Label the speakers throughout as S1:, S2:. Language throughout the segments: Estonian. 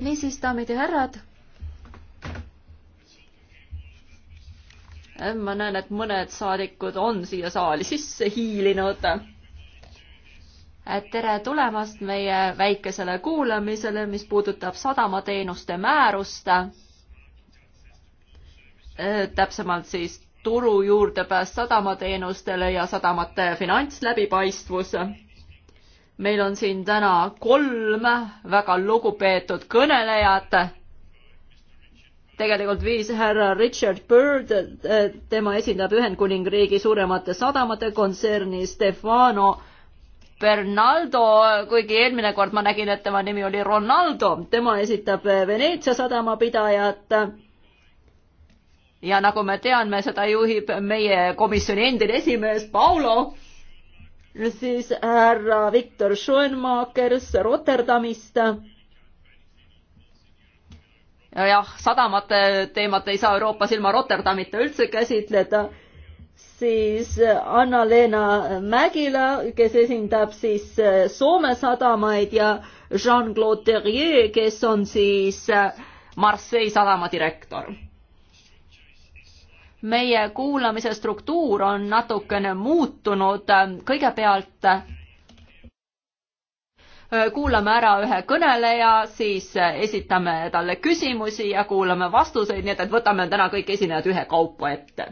S1: niisiis, daamid ja härrad. ma näen, et mõned saadikud on siia saali sisse hiilinud. tere tulemast meie väikesele kuulamisele, mis puudutab sadamateenuste määrust täpsemalt siis turu juurdepääs sadamateenustele ja sadamate finantsläbipaistvus. meil on siin täna kolm väga lugupeetud kõnelejat. tegelikult viis härra Richard Bird, tema esindab Ühendkuningriigi suuremate sadamate kontserni Stefano Bernaldo, kuigi eelmine kord ma nägin, et tema nimi oli Ronaldo, tema esitab Veneetsia sadamapidajat ja nagu me teame, seda juhib meie komisjoni endine esimees Paulo, siis härra Viktor Schoenmakers Rotterdamist. jah, sadamate teemat ei saa Euroopas ilma Rotterdamita üldse käsitleda siis Anna-Leena Mägila, kes esindab siis Soome sadamaid ja Jean-Claude Terrier, kes on siis Marseille sadama direktor meie kuulamise struktuur on natukene muutunud, kõigepealt äh, kuulame ära ühe kõneleja, siis äh, esitame talle küsimusi ja kuulame vastuseid, nii et, et võtame täna kõik esinejad ühekaupa ette.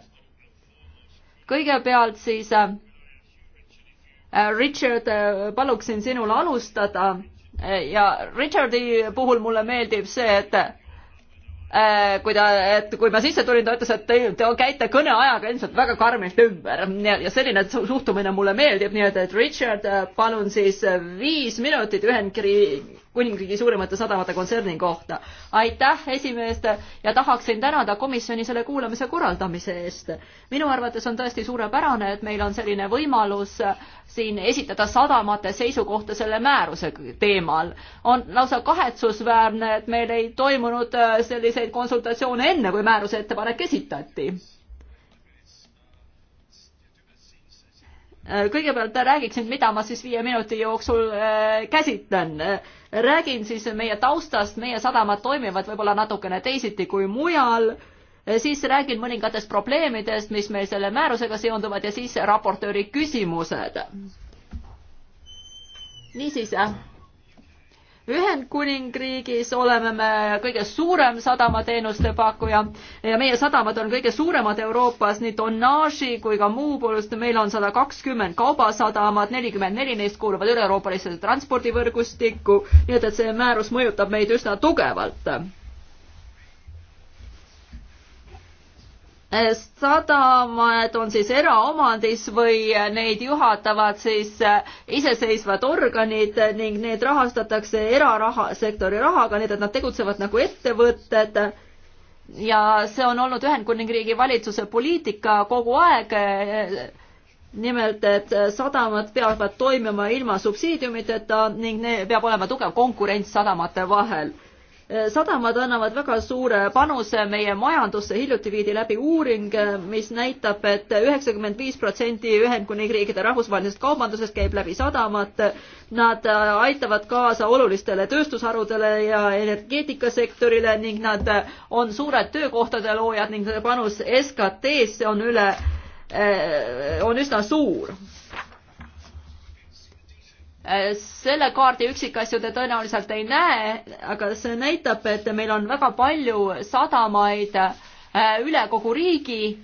S1: kõigepealt siis äh, Richard, paluksin sinul alustada ja Richardi puhul mulle meeldib see, et Äh, kui ta, et kui ma sisse tulin, ta ütles, et te, te käite kõneajaga ilmselt väga karmilt ümber ja, ja selline suhtumine mulle meeldib, nii et, et Richard, äh, palun siis viis minutit Ühendkri-, Kuningriigi suurimate sadamate kontserni kohta. aitäh, esimees, ja tahaksin tänada komisjoni selle kuulamise korraldamise eest. minu arvates on tõesti suurepärane, et meil on selline võimalus siin esitada sadamate seisukohta selle määruse teemal. on lausa kahetsusväärne, et meil ei toimunud äh, selliseid konsultatsioone enne, kui määruse ettepanek esitati äh, kõigepealt räägiksin, mida ma siis viie minuti jooksul äh, käsitlen räägin siis meie taustast, meie sadamad toimivad võib-olla natukene teisiti kui mujal, siis räägin mõningatest probleemidest, mis meil selle määrusega seonduvad ja siis raportööri küsimused. niisiis Ühendkuningriigis oleme me kõige suurem sadamateenuste pakkuja ja meie sadamad on kõige suuremad Euroopas nii tonnaaži kui ka muu poolest. meil on sada kakskümmend kaubasadamat, nelikümmend neli neist kuuluvad üle-euroopalisse transpordivõrgustikku, nii et, et see määrus mõjutab meid üsna tugevalt sadamad on siis eraomandis või neid juhatavad siis eh, iseseisvad organid ning need rahastatakse eraraha, sektori rahaga, nii et nad tegutsevad nagu ettevõtted. ja see on olnud Ühendkuningriigi valitsuse poliitika kogu aeg. Eh, nimelt, et sadamad peavad toimima ilma subsiidiumiteta ning peab olema tugev konkurents sadamate vahel Äh, sadamad annavad väga suure panuse meie majandusse, hiljuti viidi läbi uuring, äh, mis näitab et, et üheksakümmend viis protsenti Ühendkuningriikide rahvusvahelisest kaubandusest käib läbi sadamate. Nad äh, aitavad kaasa olulistele tööstusharudele ja energeetikasektorile ning nad on suured töökohtade loojad ning nende panus SKT-sse on üle, on üsna suur Äh, selle kaardi üksikasju te tõenäoliselt ei näe, aga see näitab, et meil on väga palju sadamaid äh, üle kogu riigi.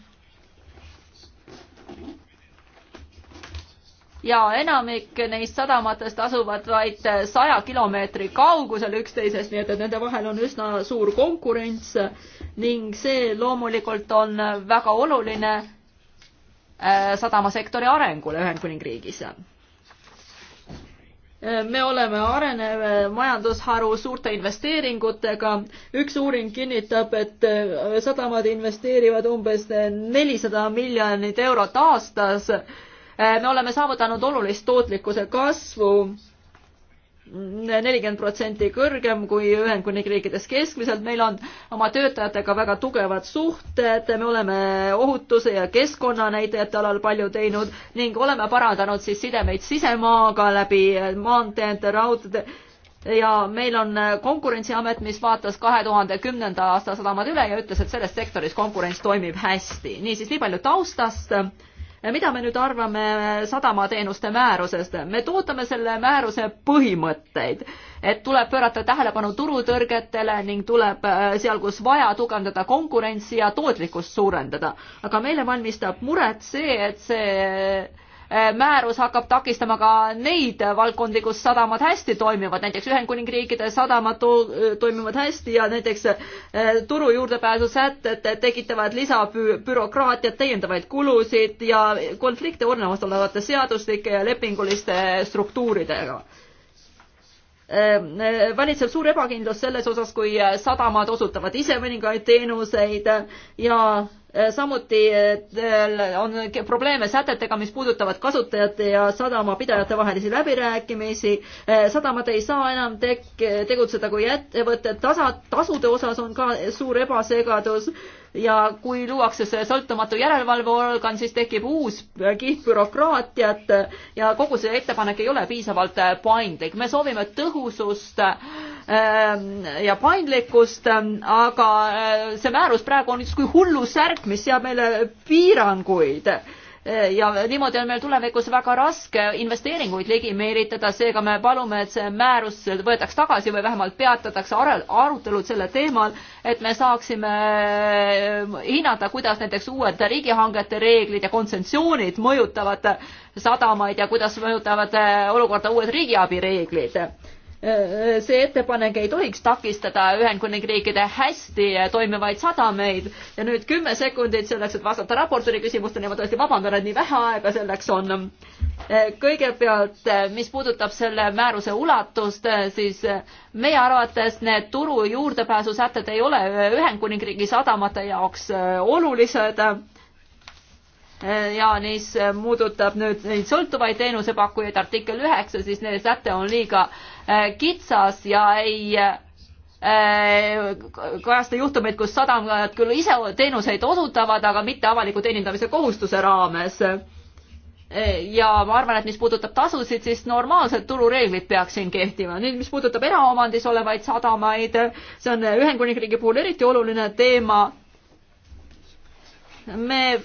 S1: ja enamik neist sadamatest asuvad vaid saja kilomeetri kaugusel üksteisest, nii et, et nende vahel on üsna suur konkurents ning see loomulikult on väga oluline äh, sadamasektori arengule Ühendkuningriigis me oleme arenev eh, majandusharu suurte investeeringutega. üks uuring kinnitab, et eh, sadamad investeerivad umbes nelisada miljonit eurot aastas. Eh, me oleme saavutanud olulist tootlikkuse kasvu nelikümmend protsenti kõrgem kui Ühendkuningriikides keskmiselt. meil on oma töötajatega väga tugevad suhted, me oleme ohutuse ja keskkonnanäitajate alal palju teinud ning oleme parandanud siis sidemeid sisemaaga läbi maanteede, raudade ja meil on Konkurentsiamet, mis vaatas kahe tuhande kümnenda aasta sadamad üle ja ütles, et selles sektoris konkurents toimib hästi. niisiis, nii palju taustast mida me nüüd arvame sadamateenuste määrusest? me tootame selle määruse põhimõtteid, et tuleb pöörata tähelepanu turutõrgetele ning tuleb äh, seal, kus vaja, tugevdada konkurentsi ja tootlikkust suurendada. aga meile valmistab muret see, et see Äh, määrus hakkab takistama ka neid valdkondi, kus sadamad hästi toimivad, näiteks Ühendkuningriikide sadamad to äh, toimivad hästi ja näiteks äh, turu juurdepääsu sätted tekitavad lisabürokraatiat, täiendavaid kulusid ja konflikte olemas olevate seaduslike ja lepinguliste struktuuridega valitseb suur ebakindlus selles osas, kui sadamad osutavad ise mõningaid teenuseid ja Äh, samuti äh, on probleeme sätetega, mis puudutavad kasutajate ja sadamapidajate vahelisi läbirääkimisi. Äh, sadamad ei saa enam tek-, tegutseda kui ettevõtted, tasa, tasude osas on ka suur ebasegadus ja kui luuakse see sõltumatu järelevalveorgan, siis tekib uus kiht bürokraatiat ja kogu see ettepanek ei ole piisavalt paindlik. me soovime tõhusust äh, Ähm, ja paindlikkust, ähm, aga äh, see määrus praegu on justkui hullusärk, mis seab meile piiranguid äh, ja niimoodi on meil tulevikus väga raske investeeringuid ligi meelitada, seega me palume, et see määrus võetaks tagasi või vähemalt peatatakse arutelud selle teemal, et me saaksime äh, hinnata, kuidas näiteks uued riigihangete reeglid ja kontsentsioonid mõjutavad sadamaid ja kuidas mõjutavad olukorda uued riigiabi reeglid Äh, äh, see ettepanek ei tohiks takistada Ühendkuningriigide hästi toimivaid sadameid ja nüüd kümme sekundit selleks, et vastata raportööri küsimustele, ma tõesti vabandan, et nii vähe aega selleks on. Äh, kõigepealt, mis puudutab selle määruse ulatust, siis meie arvates need turu juurdepääsusätted ei ole Ühendkuningriigi sadamate jaoks olulised ja mis muudutab nüüd neid sõltuvaid teenusepakkujaid, artikkel üheksa, siis neil säte on liiga äh, kitsas ja ei äh, kajasta juhtumeid, kus sadamad küll ise teenuseid osutavad, aga mitte avaliku teenindamise kohustuse raames. ja ma arvan, et mis puudutab tasusid, siis normaalsed turureeglid peaks siin kehtima. nüüd, mis puudutab eraomandis olevaid sadamaid, see on Ühendkuningriigi puhul eriti oluline teema. me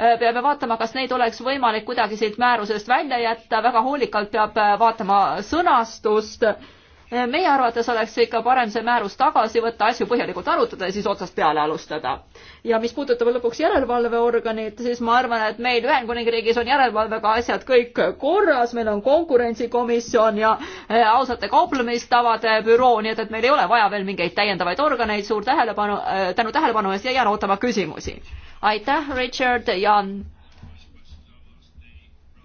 S1: Äh, peame vaatama, kas neid oleks võimalik kuidagi siit määrusest välja jätta, väga hoolikalt peab äh, vaatama sõnastust Äh, meie arvates oleks ikka parem see määrus tagasi võtta, asju põhjalikult arutada ja siis otsast peale alustada. ja mis puudutab lõpuks järelevalveorganit, siis ma arvan, et meil Ühendkuningriigis on järelevalvega asjad kõik korras, meil on konkurentsikomisjon ja äh, ausate kauplemistavade büroo, nii et, et meil ei ole vaja veel mingeid täiendavaid organeid, suur tähelepanu, äh, tänu tähelepanu eest ja jään ootama küsimusi. aitäh, Richard ja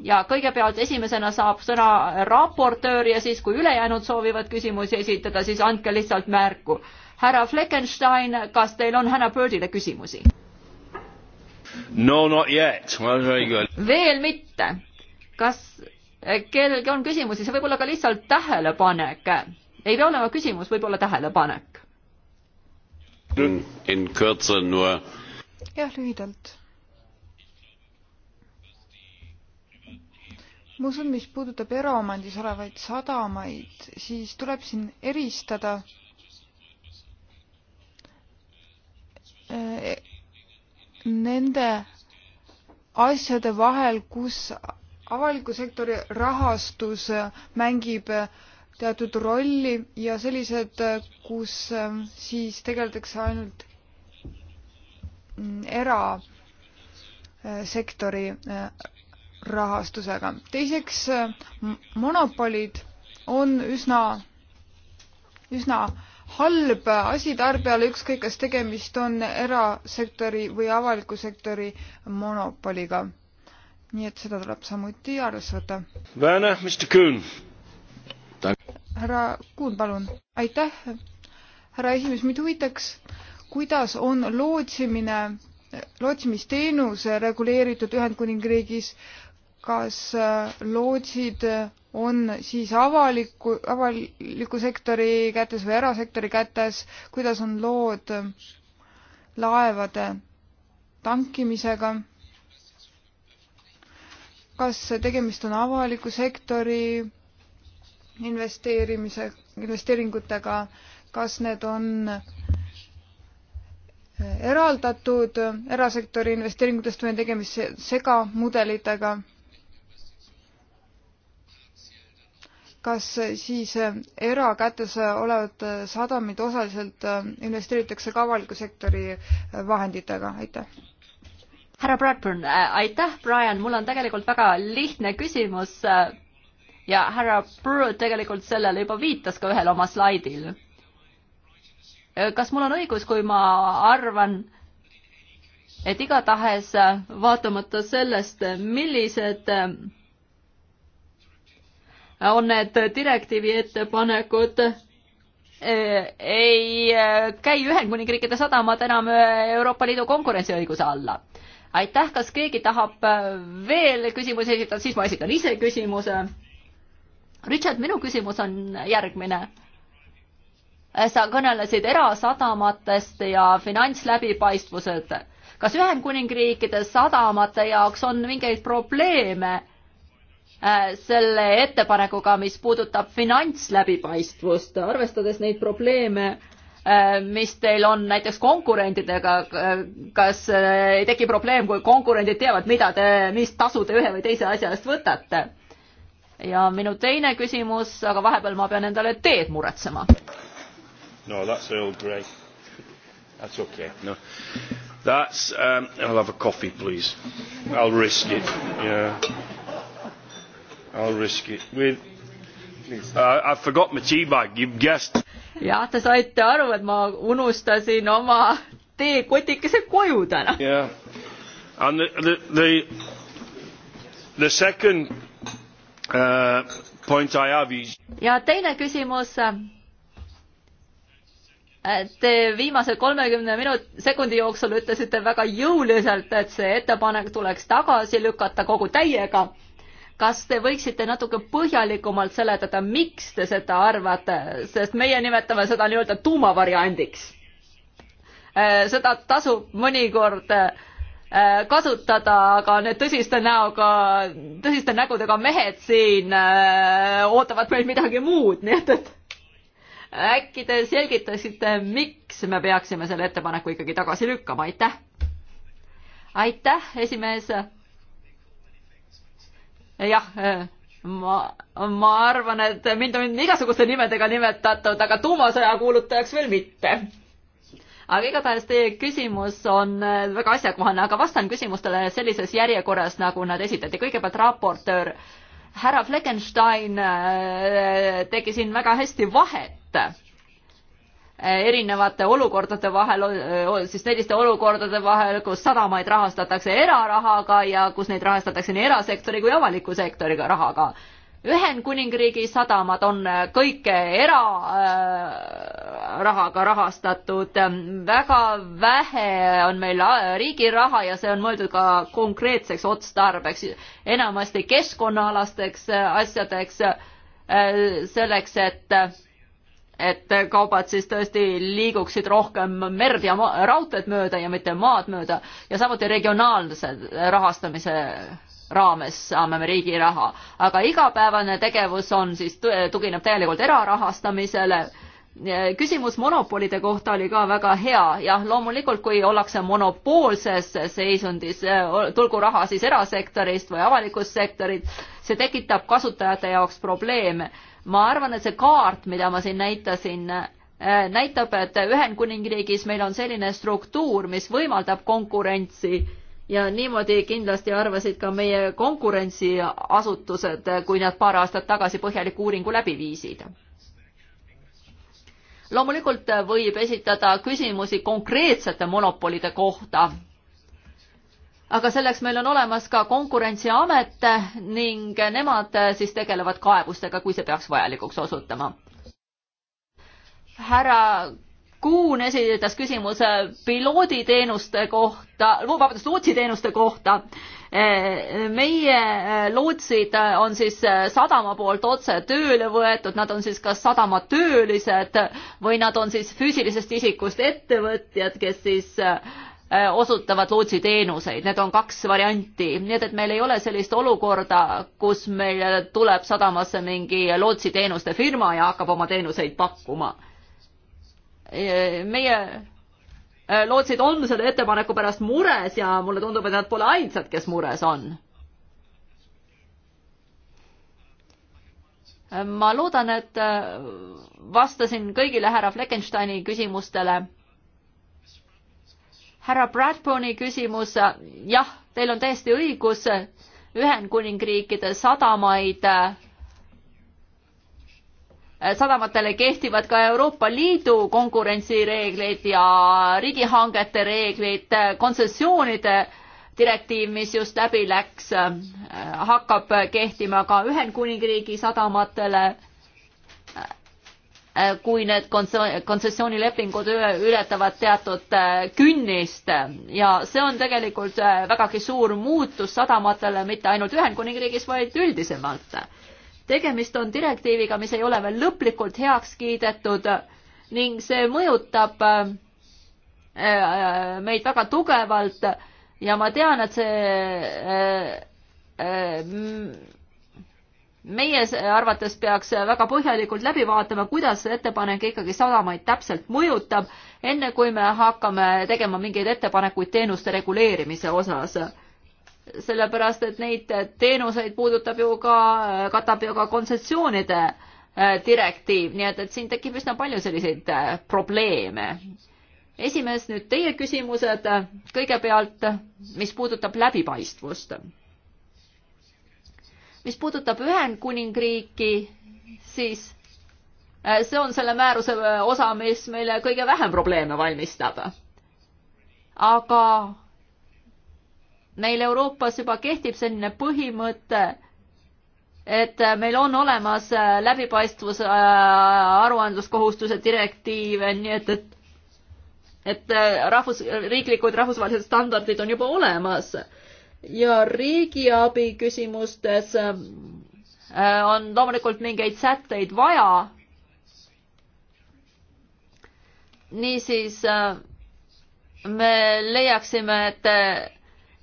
S1: ja kõigepealt esimesena saab sõna raportöör ja siis, kui ülejäänud soovivad küsimusi esitada, siis andke lihtsalt märku. härra Fleckenstein, kas teil on härra Birdile küsimusi?
S2: No not yet,
S1: very good. veel mitte. kas eh, kellelgi on küsimusi, see võib olla ka lihtsalt tähelepanek. ei pea olema küsimus, võib olla tähelepanek. jah, lühidalt
S3: ma usun, mis puudutab eraomandis olevaid sadamaid, siis tuleb siin eristada eh, nende asjade vahel, kus avaliku sektori rahastus mängib teatud rolli ja sellised, kus eh, siis tegeldakse ainult mm, erasektori eh, rahastusega. teiseks, monopolid on üsna, üsna halb asi tarbijale, ükskõik kas tegemist on erasektori või avaliku sektori monopoliga. nii et seda tuleb samuti arvesse võtta. härra Kuhn, palun. aitäh, härra esimees, mind huvitaks, kuidas on lootsimine lootsimisteenuse reguleeritud Ühendkuningriigis äh, kas äh, lootsid äh, on siis avaliku, avaliku sektori kätes või erasektori kätes, kuidas on lood äh, laevade tankimisega, kas tegemist on avaliku sektori investeerimise, investeeringutega, kas need on eraldatud erasektori investeeringutest või on tegemist segamudelitega kas siis äh, erakätes olevad äh, sadamid osaliselt äh, investeeritakse ka avaliku sektori vahenditega, aitäh?
S1: härra Bradburn, aitäh, Brian, mul on tegelikult väga lihtne küsimus ja härra Burr tegelikult sellele juba viitas ka ühel oma slaidil. kas mul on õigus, kui ma arvan, et igatahes vaatamata sellest, millised on need direktiivi ettepanekud eh, ei eh, käi Ühendkuningriikide sadamad enam eh, Euroopa Liidu konkurentsiõiguse alla. aitäh, kas keegi tahab veel küsimusi esitada, siis ma esitan ise küsimuse. Richard, minu küsimus on järgmine. sa kõnelesid erasadamatest ja finantsläbipaistvused. kas Ühendkuningriikide sadamate jaoks on mingeid probleeme? Äh, selle ettepanekuga, mis puudutab finantsläbipaistvust, arvestades neid probleeme, äh, mis teil on näiteks konkurentidega, äh, kas ei teki probleem, kui konkurendid teavad, mida te, mis tasu te ühe või teise asja eest võtate? ja minu teine küsimus, aga vahepeal ma pean endale teed muretsema.
S2: no that's all great. That's okay. No. That's um, I'll have a coffee, please. I'll risk it. Yeah. I'll risk it with uh, I forgot my tea bag, you guessed.
S1: jah, te saite aru, et ma unustasin oma teekotikese koju täna.
S2: jah yeah., and the, the, the, the second uh, point I have is.
S1: ja teine küsimus. Te viimase kolmekümne minut-, sekundi jooksul ütlesite väga jõuliselt, et see ettepanek tuleks tagasi lükata kogu täiega kas te võiksite natuke põhjalikumalt seletada, miks te seda arvate, sest meie nimetame seda nii-öelda tuumavariandiks. Äh, seda tasub mõnikord äh, kasutada, aga need tõsiste näoga, tõsiste nägudega mehed siin äh, ootavad meilt midagi muud, nii et, et äkki te selgitasite, miks me peaksime selle ettepaneku ikkagi tagasi lükkama, aitäh! aitäh, esimees! jah, ma, ma arvan, et mind on igasuguste nimedega nimetatud, aga tuumasõja kuulutajaks veel mitte. aga igatahes teie küsimus on eh, väga asjakohane, aga vastan küsimustele sellises järjekorras, nagu nad esitati. kõigepealt raportöör härra Fleckenstein eh, tegi siin väga hästi vahet erinevate olukordade vahel, siis selliste olukordade vahel, kus sadamaid rahastatakse erarahaga ja kus neid rahastatakse nii erasektori kui avaliku sektoriga rahaga. Ühendkuningriigi sadamad on kõik erarahaga rahastatud, väga vähe on meil riigi raha ja see on mõeldud ka konkreetseks otstarbeks, enamasti keskkonnaalasteks asjadeks, selleks, et et kaubad siis tõesti liiguksid rohkem merd ja raudteed mööda ja mitte maad mööda ja samuti regionaalse rahastamise raames saame me riigi raha, aga igapäevane tegevus on siis, tugineb täielikult erarahastamisele küsimus monopolide kohta oli ka väga hea, jah, loomulikult, kui ollakse monopoolses seisundis, tulgu raha siis erasektorist või avalikust sektorit, see tekitab kasutajate jaoks probleeme ma arvan, et see kaart, mida ma siin näitasin, äh, näitab, et Ühendkuningriigis meil on selline struktuur, mis võimaldab konkurentsi ja niimoodi kindlasti arvasid ka meie konkurentsiasutused, kui nad paar aastat tagasi põhjaliku uuringu läbi viisid. loomulikult võib esitada küsimusi konkreetsete monopolide kohta aga selleks meil on olemas ka Konkurentsiamet ning nemad siis tegelevad kaebustega, kui see peaks vajalikuks osutama. härra Kuun esitas küsimuse pilooditeenuste kohta, vabandust, lootsiteenuste kohta. meie lootsid on siis sadama poolt otse tööle võetud, nad on siis kas sadamatöölised või nad on siis füüsilisest isikust ettevõtjad, kes siis äh, Äh, osutavad lootsiteenuseid, need on kaks varianti, nii et, et meil ei ole sellist olukorda, kus meil tuleb sadamasse mingi lootsiteenuste firma ja hakkab oma teenuseid pakkuma. E, meie äh, lootsid on selle ettepaneku pärast mures ja mulle tundub, et nad pole ainsad, kes mures on. Äh, ma loodan, et vastasin kõigile härra Fleckensteini küsimustele härra Bradboni küsimus, jah, teil on täiesti õigus, Ühendkuningriikide sadamaid, sadamatele kehtivad ka Euroopa Liidu konkurentsireeglid ja riigihangete reeglid, kontsessioonide direktiiv, mis just läbi läks, hakkab kehtima ka Ühendkuningriigi sadamatele Äh, kui need kontsessioonilepingud ületavad teatud äh, künnist ja see on tegelikult äh, vägagi suur muutus sadamatele mitte ainult Ühendkuningriigis, vaid üldisemalt. tegemist on direktiiviga, mis ei ole veel lõplikult heaks kiidetud ning see mõjutab meid väga tugevalt ja ma tean, et see meie arvates peaks väga põhjalikult läbi vaatama, kuidas see ettepanek ikkagi sadamaid täpselt mõjutab, enne kui me hakkame tegema mingeid ettepanekuid teenuste reguleerimise osas. sellepärast, et neid teenuseid puudutab ju ka, katab ju ka kontsessioonide äh, direktiiv, nii et, et siin tekib üsna palju selliseid äh, probleeme. esimees, nüüd teie küsimused kõigepealt, mis puudutab läbipaistvust mis puudutab Ühendkuningriiki, siis äh, see on selle määruse äh, osa, mis meile kõige vähem probleeme valmistab. aga meil Euroopas juba kehtib selline põhimõte, et äh, meil on olemas läbipaistvuse aruandluskohustuse direktiiv, nii et, et et rahvus, riiklikud rahvusvahelised standardid on juba olemas ja riigiabi küsimustes äh, on loomulikult mingeid sätteid vaja. niisiis äh, me leiaksime, et,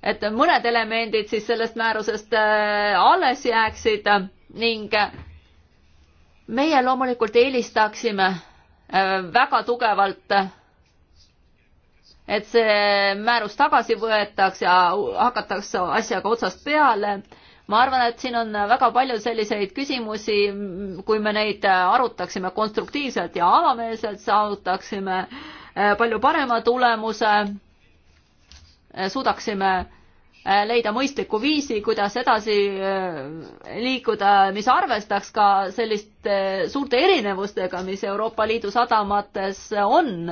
S1: et mõned elemendid siis sellest määrusest äh, alles jääksid ning meie loomulikult eelistaksime väga tugevalt et see määrus tagasi võetaks ja hakatakse asjaga otsast peale. ma arvan, et siin on väga palju selliseid küsimusi, kui me neid arutaksime konstruktiivselt ja avameelselt, saavutaksime eh, palju parema tulemuse, eh, suudaksime eh, leida mõistliku viisi, kuidas edasi liikuda, mis arvestaks ka selliste suurte erinevustega, mis Euroopa Liidu sadamates on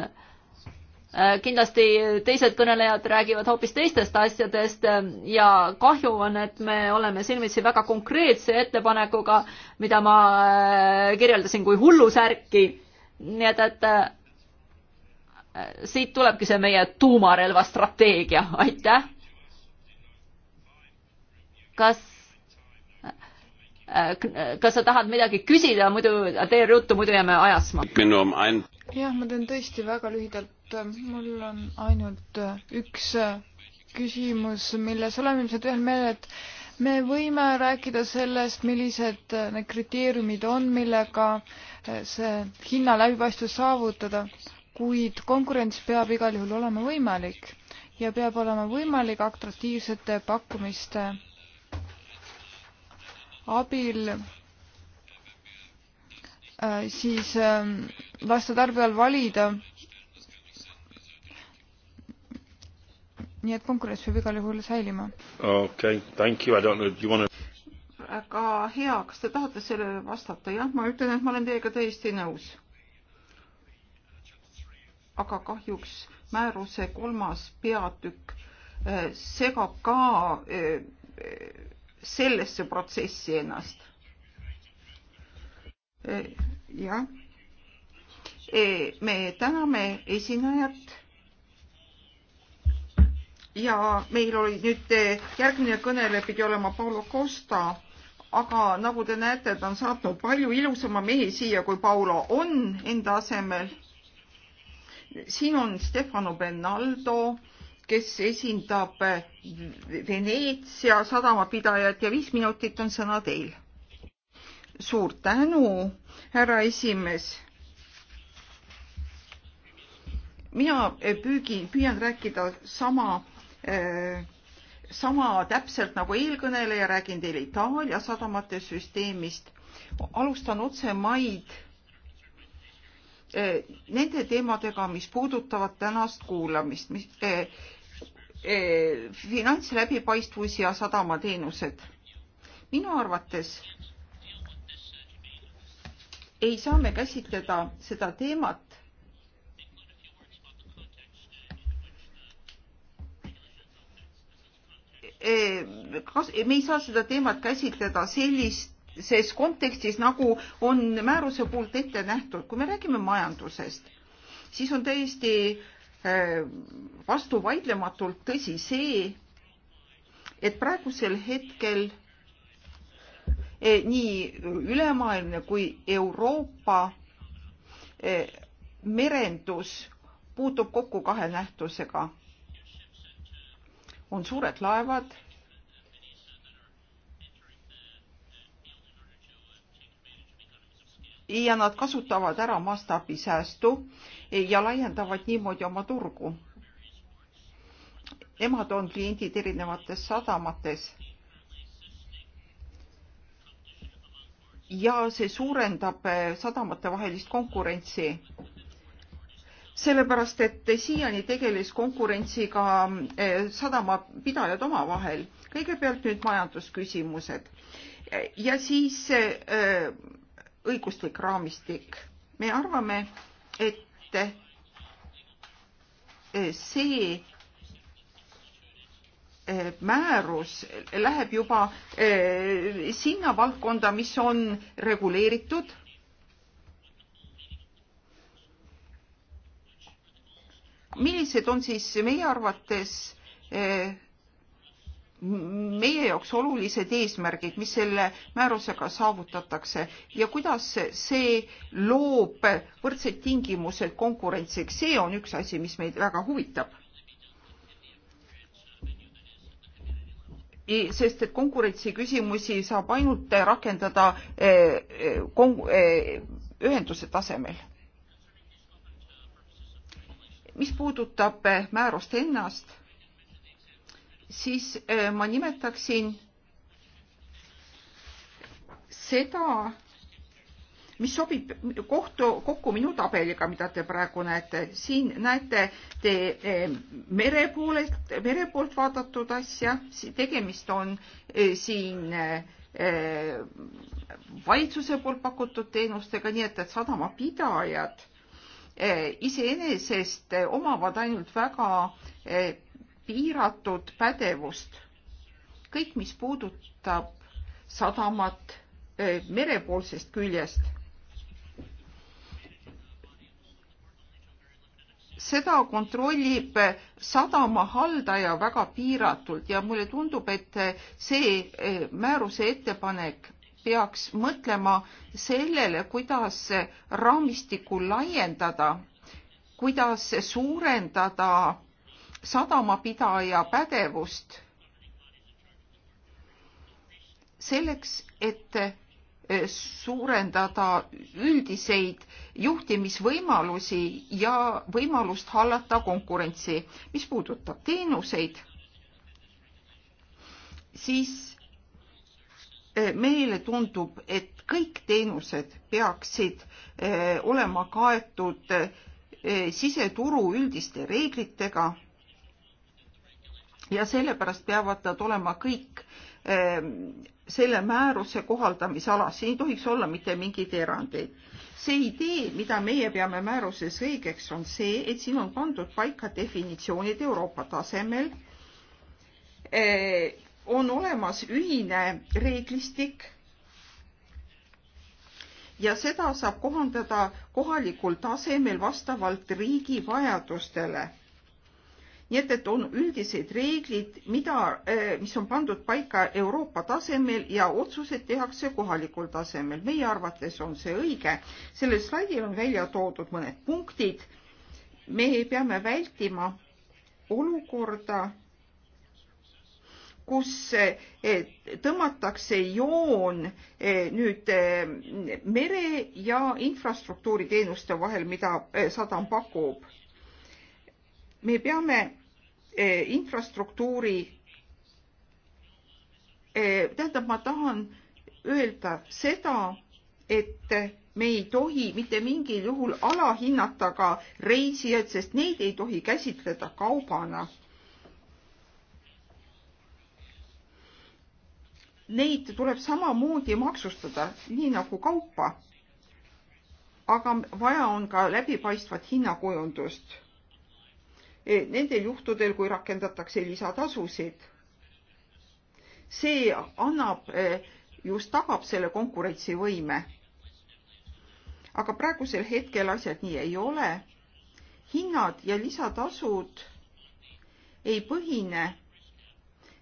S1: Äh, kindlasti teised kõnelejad räägivad hoopis teistest asjadest äh, ja kahju on, et me oleme silmitsi väga konkreetse ettepanekuga, mida ma äh, kirjeldasin kui hullusärki. nii et, et siit tulebki see meie tuumarelvastrateegia, aitäh. kas, kas sa tahad midagi küsida, muidu tee ruttu, muidu jääme ajasma.
S3: jah, ma teen tõesti väga lühidalt et mul on ainult üks küsimus, milles oleme ilmselt ühel meelel, et me võime rääkida sellest, millised need kriteeriumid on, millega see hinna läbipaistvus saavutada, kuid konkurents peab igal juhul olema võimalik ja peab olema võimalik atraktiivsete pakkumiste abil äh, siis ähm, lasta tarbijal valida nii et konkurents peab igal juhul säilima.
S2: okei okay,, thank you, I don't know, do you wanna?
S3: väga hea, kas te tahate sellele vastata? jah, ma ütlen, et ma
S4: olen teiega täiesti nõus. aga kahjuks määruse kolmas peatükk eh, segab ka eh, sellesse protsessi ennast. Eh, jah. me täname esinejat ja meil oli nüüd eh, järgmine kõneleja pidi olema Paulo Costa, aga nagu te näete, ta on saatnud palju ilusama mehi siia, kui Paulo on enda asemel. siin on Stefano Bernaldo, kes esindab eh, Veneetsia sadamapidajat ja viis minutit on sõna teil. suur tänu, härra esimees mina eh, püügin, püüan rääkida sama Äh, sama täpselt nagu eelkõneleja, räägin teile Itaalia sadamate süsteemist. alustan otse maid äh, nende teemadega, mis puudutavad tänast kuulamist, mis eh, eh, finantsläbipaistvus ja sadamateenused. minu arvates ei saa me käsitleda seda teemat Eh, kas, me ei saa seda teemat käsitleda sellises kontekstis, nagu on määruse poolt ette nähtud. kui me räägime majandusest, siis on täiesti eh, vastuvaidlematult tõsi see, et praegusel hetkel eh, nii ülemaailmne kui Euroopa merendus puutub kokku kahe nähtusega on suured laevad, ja nad kasutavad ära mastaabisäästu ja laiendavad niimoodi oma turgu. Nemad on kliendid erinevates sadamates. ja see suurendab sadamate vahelist konkurentsi sellepärast et siiani tegeles konkurentsiga eh, sadamapidajad omavahel. kõigepealt nüüd majandusküsimused ja siis eh, õiguslik raamistik. me arvame, et eh, see määrus läheb juba sinna valdkonda, mis on reguleeritud millised on siis meie arvates eh, meie jaoks olulised eesmärgid, mis selle määrusega saavutatakse ja kuidas see loob võrdsed tingimused konkurentsiks, see on üks asi, mis meid väga huvitab. sest et konkurentsiküsimusi saab ainult rakendada eh, eh, ühenduse tasemel mis puudutab eh, määrust ennast, siis eh, ma nimetaksin seda, mis sobib kohtu, kokku minu tabeliga, mida te praegu näete. siin näete te eh, mere poolelt, mere poolt vaadatud asja, tegemist on siin valitsuse poolt pakutud teenustega, nii et, et sadamapidajad Eh, iseenesest eh, omavad ainult väga eh, piiratud pädevust. kõik, mis puudutab sadamat merepoolsest küljest. seda kontrollib sadama haldaja väga piiratult ja mulle tundub, et see määruse ettepanek peaks mõtlema sellele, kuidas raamistikku laiendada, kuidas suurendada sadamapidaja pädevust selleks, et suurendada üldiseid juhtimisvõimalusi ja võimalust hallata konkurentsi. mis puudutab teenuseid, siis Äh, meile tundub, et kõik teenused peaksid äh, olema kaetud äh, siseturu üldiste reeglitega ja sellepärast peavad nad olema kõik selle määruse kohaldamisalas, siin ei tohiks olla mitte mingeid erandeid. see idee, mida meie peame määruses õigeks, on see, et siin on pandud paika definitsioonid Euroopa tasemel on olemas ühine reeglistik ja seda saab kohandada kohalikul tasemel vastavalt riigi vajadustele. nii et, et on üldised reeglid, mida, eh, mis on pandud paika Euroopa tasemel ja otsused tehakse kohalikul tasemel. meie arvates on see õige. sellel slaidil on välja toodud mõned punktid. me peame vältima olukorda, kus eh, tõmmatakse joon eh, nüüd eh, mere ja infrastruktuuriteenuste vahel, mida sadam pakub. me peame infrastruktuuri, tähendab, ma tahan öelda seda, et me ei tohi mitte mingil juhul alahinnata ka reisijaid, sest neid ei tohi käsitleda kaubana neid tuleb samamoodi maksustada, nii nagu kaupa. aga vaja on ka läbipaistvat hinnakujundust. E, nendel juhtudel, kui rakendatakse lisatasusid, see annab, e, just tagab selle konkurentsivõime. aga praegusel hetkel asjad nii ei ole. hinnad ja lisatasud ei põhine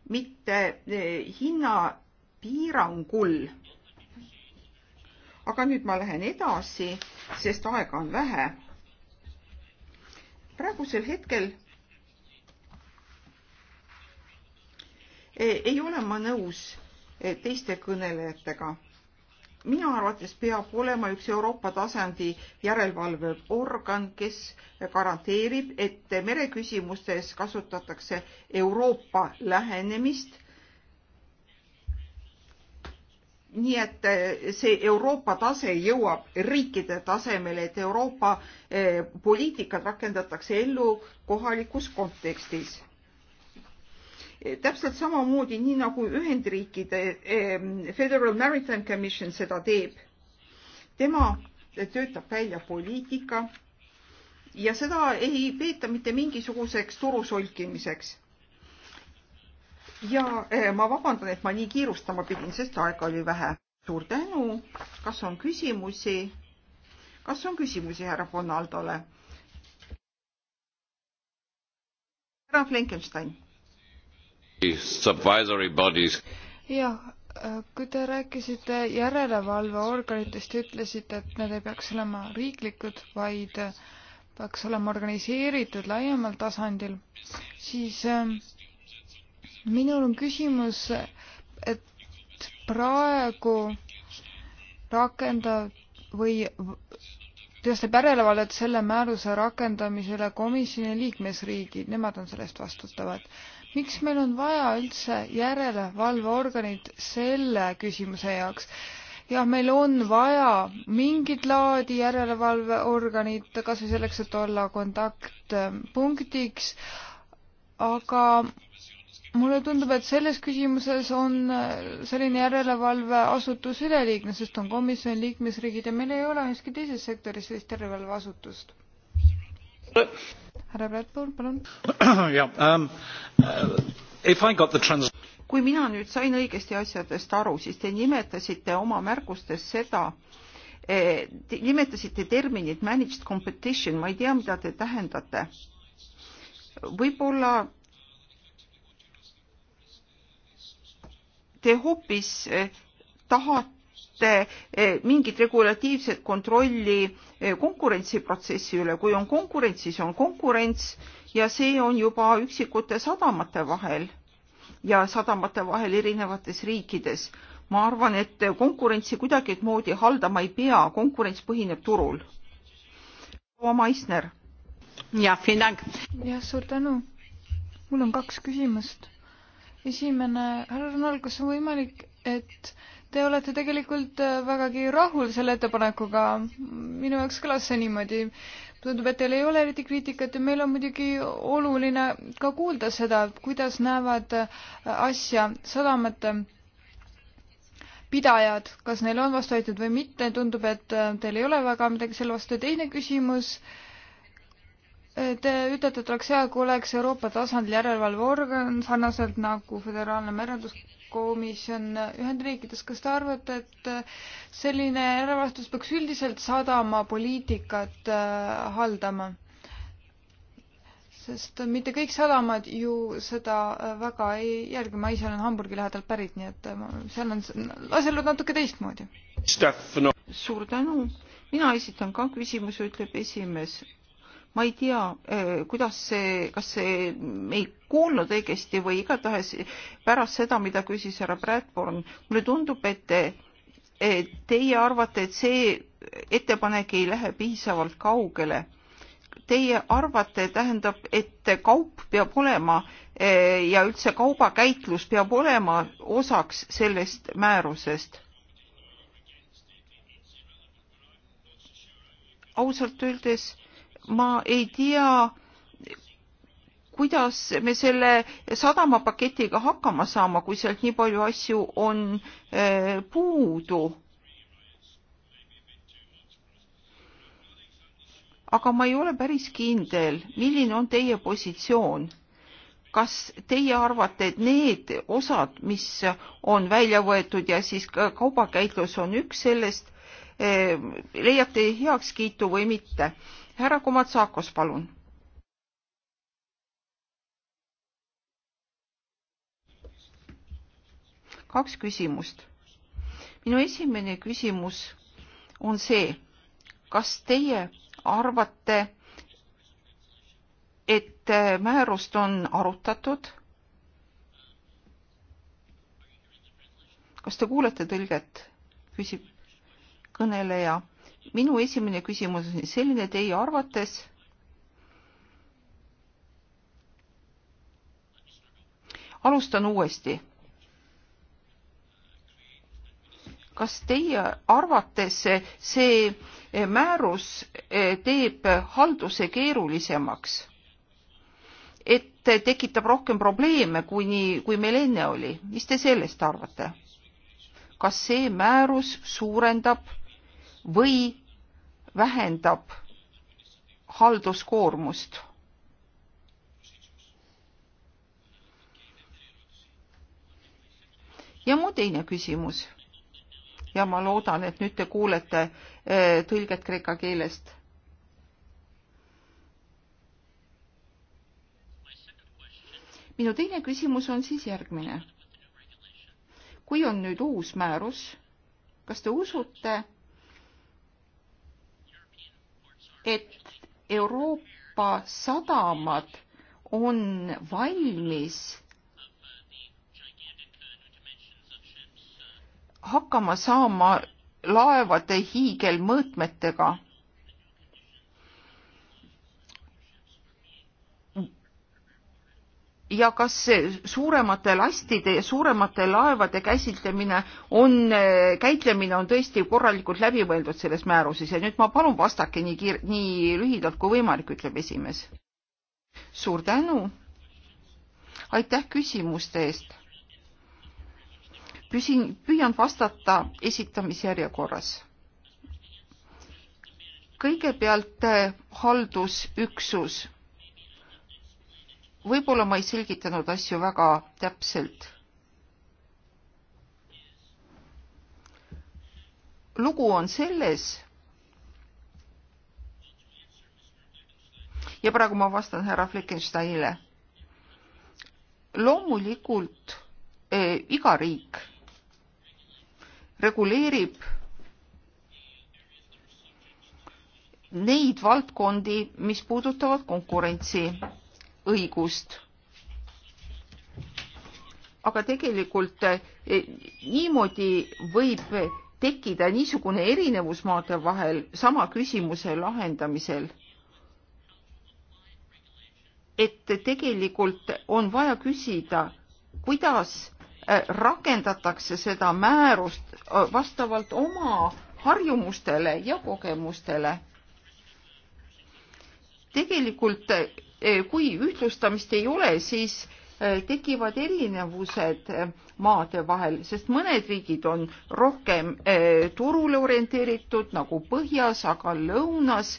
S4: mitte e, hinna piirangul. aga nüüd ma lähen edasi, sest aega on vähe. praegusel hetkel ei ole ma nõus eh, teiste kõnelejatega. minu arvates peab olema üks Euroopa tasandi järelevalveorgan, kes garanteerib, et mereküsimustes kasutatakse Euroopa lähenemist nii et eh, see Euroopa tase jõuab riikide tasemele, et Euroopa eh, poliitikat rakendatakse ellu kohalikus kontekstis. Eh, täpselt samamoodi, nii nagu Ühendriikide Federal Maritime Commission seda teeb. tema töötab välja poliitika ja seda ei peeta mitte mingisuguseks turu solkimiseks ja eh, ma vabandan, et ma nii kiirustama pidin, sest aega oli vähe. suur tänu. kas on küsimusi? kas on küsimusi härra Bonaldole?
S3: härra Flenkenstein. jah, äh, kui te rääkisite järelevalveorganitest, ütlesite, et need ei peaks olema riiklikud, vaid äh, peaks olema organiseeritud laiemal tasandil, siis äh, minul on küsimus, et praegu rakendav või teostab järelevalvet selle määruse rakendamisele komisjoni liikmesriigid, nemad on selle eest vastutavad. miks meil on vaja üldse järelevalveorganit selle küsimuse jaoks? jah, meil on vaja mingit laadi järelevalveorganit, kas või selleks, et olla kontaktpunktiks, ähm, aga mulle tundub, et selles küsimuses on äh, selline järelevalveasutus üleliigne, sest on komisjon, liikmesriigid ja meil ei ole üheski teises sektoris sellist järelevalveasutust. härra Bradford, palun
S2: yeah, um, uh,.
S4: kui mina nüüd sain õigesti asjadest aru, siis te nimetasite oma märkustes seda, eh, te nimetasite terminit managed competition, ma ei tea, mida te tähendate võib-olla te hoopis eh, tahate eh, mingit regulatiivset kontrolli eh, konkurentsiprotsessi üle, kui on konkurents, siis on konkurents ja see on juba üksikute sadamate vahel ja sadamate vahel erinevates riikides. ma arvan, et konkurentsi kuidagimoodi haldama ei pea, konkurents põhineb turul. proua Maisner. jah,
S3: suur tänu. mul on kaks küsimust esimene, härra Ronald, kas on võimalik, et te olete tegelikult äh, vägagi rahul selle ettepanekuga. minu jaoks kõlas see niimoodi. tundub, et teil ei ole eriti kriitikat ja meil on muidugi oluline ka kuulda seda, kuidas näevad äh, asja sadamate pidajad, kas neil on vastuväited või mitte, tundub, et äh, teil ei ole väga midagi selle vastu. teine küsimus äh, Te ütlete, et oleks hea, kui oleks Euroopa tasandil järelevalveorgan, sarnaselt nagu Föderaalne Merenduskomisjon Ühendriikides. kas te arvate, et selline järelevalvestus peaks üldiselt sadamapoliitikat äh, haldama? sest mitte kõik sadamad ju seda äh, väga ei järgi, ma ise olen Hamburgi lähedalt pärit, nii et äh, seal on asjad natuke teistmoodi. suur tänu, mina
S4: esitan ka küsimuse, ütleb esimees ma ei tea, eh, kuidas see, kas see, me ei kuulnud õigesti või igatahes pärast seda, mida küsis härra Bradburn, mulle tundub, et teie arvate, et see ettepanek ei lähe piisavalt kaugele. Teie arvate, tähendab, et kaup peab olema eh, ja üldse kaubakäitlus peab olema osaks sellest määrusest ausalt öeldes ma ei tea, kuidas me selle sadamapaketiga hakkama saama, kui sealt nii palju asju on äh, puudu. aga ma ei ole päris kindel, milline on teie positsioon. kas teie arvate, et need osad, mis on välja võetud ja siis kaubakäitlus on üks sellest äh,, leiate heakskiitu või mitte? härra Komatsakos, palun. kaks küsimust. minu esimene küsimus on see, kas teie arvate, et määrust on arutatud? kas te kuulete tõlget, küsib kõneleja minu esimene küsimus on selline teie arvates alustan uuesti. kas teie arvates see määrus teeb halduse keerulisemaks, et tekitab rohkem probleeme, kui nii, kui meil enne oli, mis te sellest arvate? kas see määrus suurendab või vähendab halduskoormust. ja mu teine küsimus ja ma loodan, et nüüd te kuulete eh, tõlget kreeka keelest. minu teine küsimus on siis järgmine. kui on nüüd uus määrus, kas te usute, et Euroopa sadamad on valmis hakkama saama laevade hiigelmõõtmetega ja kas suuremate lastide ja suuremate laevade käsitlemine on, käitlemine on tõesti korralikult läbi mõeldud selles määruses ja nüüd ma palun vastake nii kiir-, nii lühidalt kui võimalik, ütleb esimees. suur tänu. aitäh küsimuste eest. püsin, püüan vastata esitamisjärjekorras. kõigepealt haldusüksus võib-olla ma ei selgitanud asju väga täpselt. lugu on selles ja praegu ma vastan härra Fleckensteinile. loomulikult äh, iga riik reguleerib neid valdkondi, mis puudutavad konkurentsi õigust. aga tegelikult eh, niimoodi võib tekkida niisugune erinevus maade vahel sama küsimuse lahendamisel. et tegelikult on vaja küsida, kuidas eh, rakendatakse seda määrust eh, vastavalt oma harjumustele ja kogemustele. tegelikult kui ühtlustamist ei ole, siis äh, tekivad erinevused äh, maade vahel, sest mõned riigid on rohkem äh, turule orienteeritud nagu põhjas, aga lõunas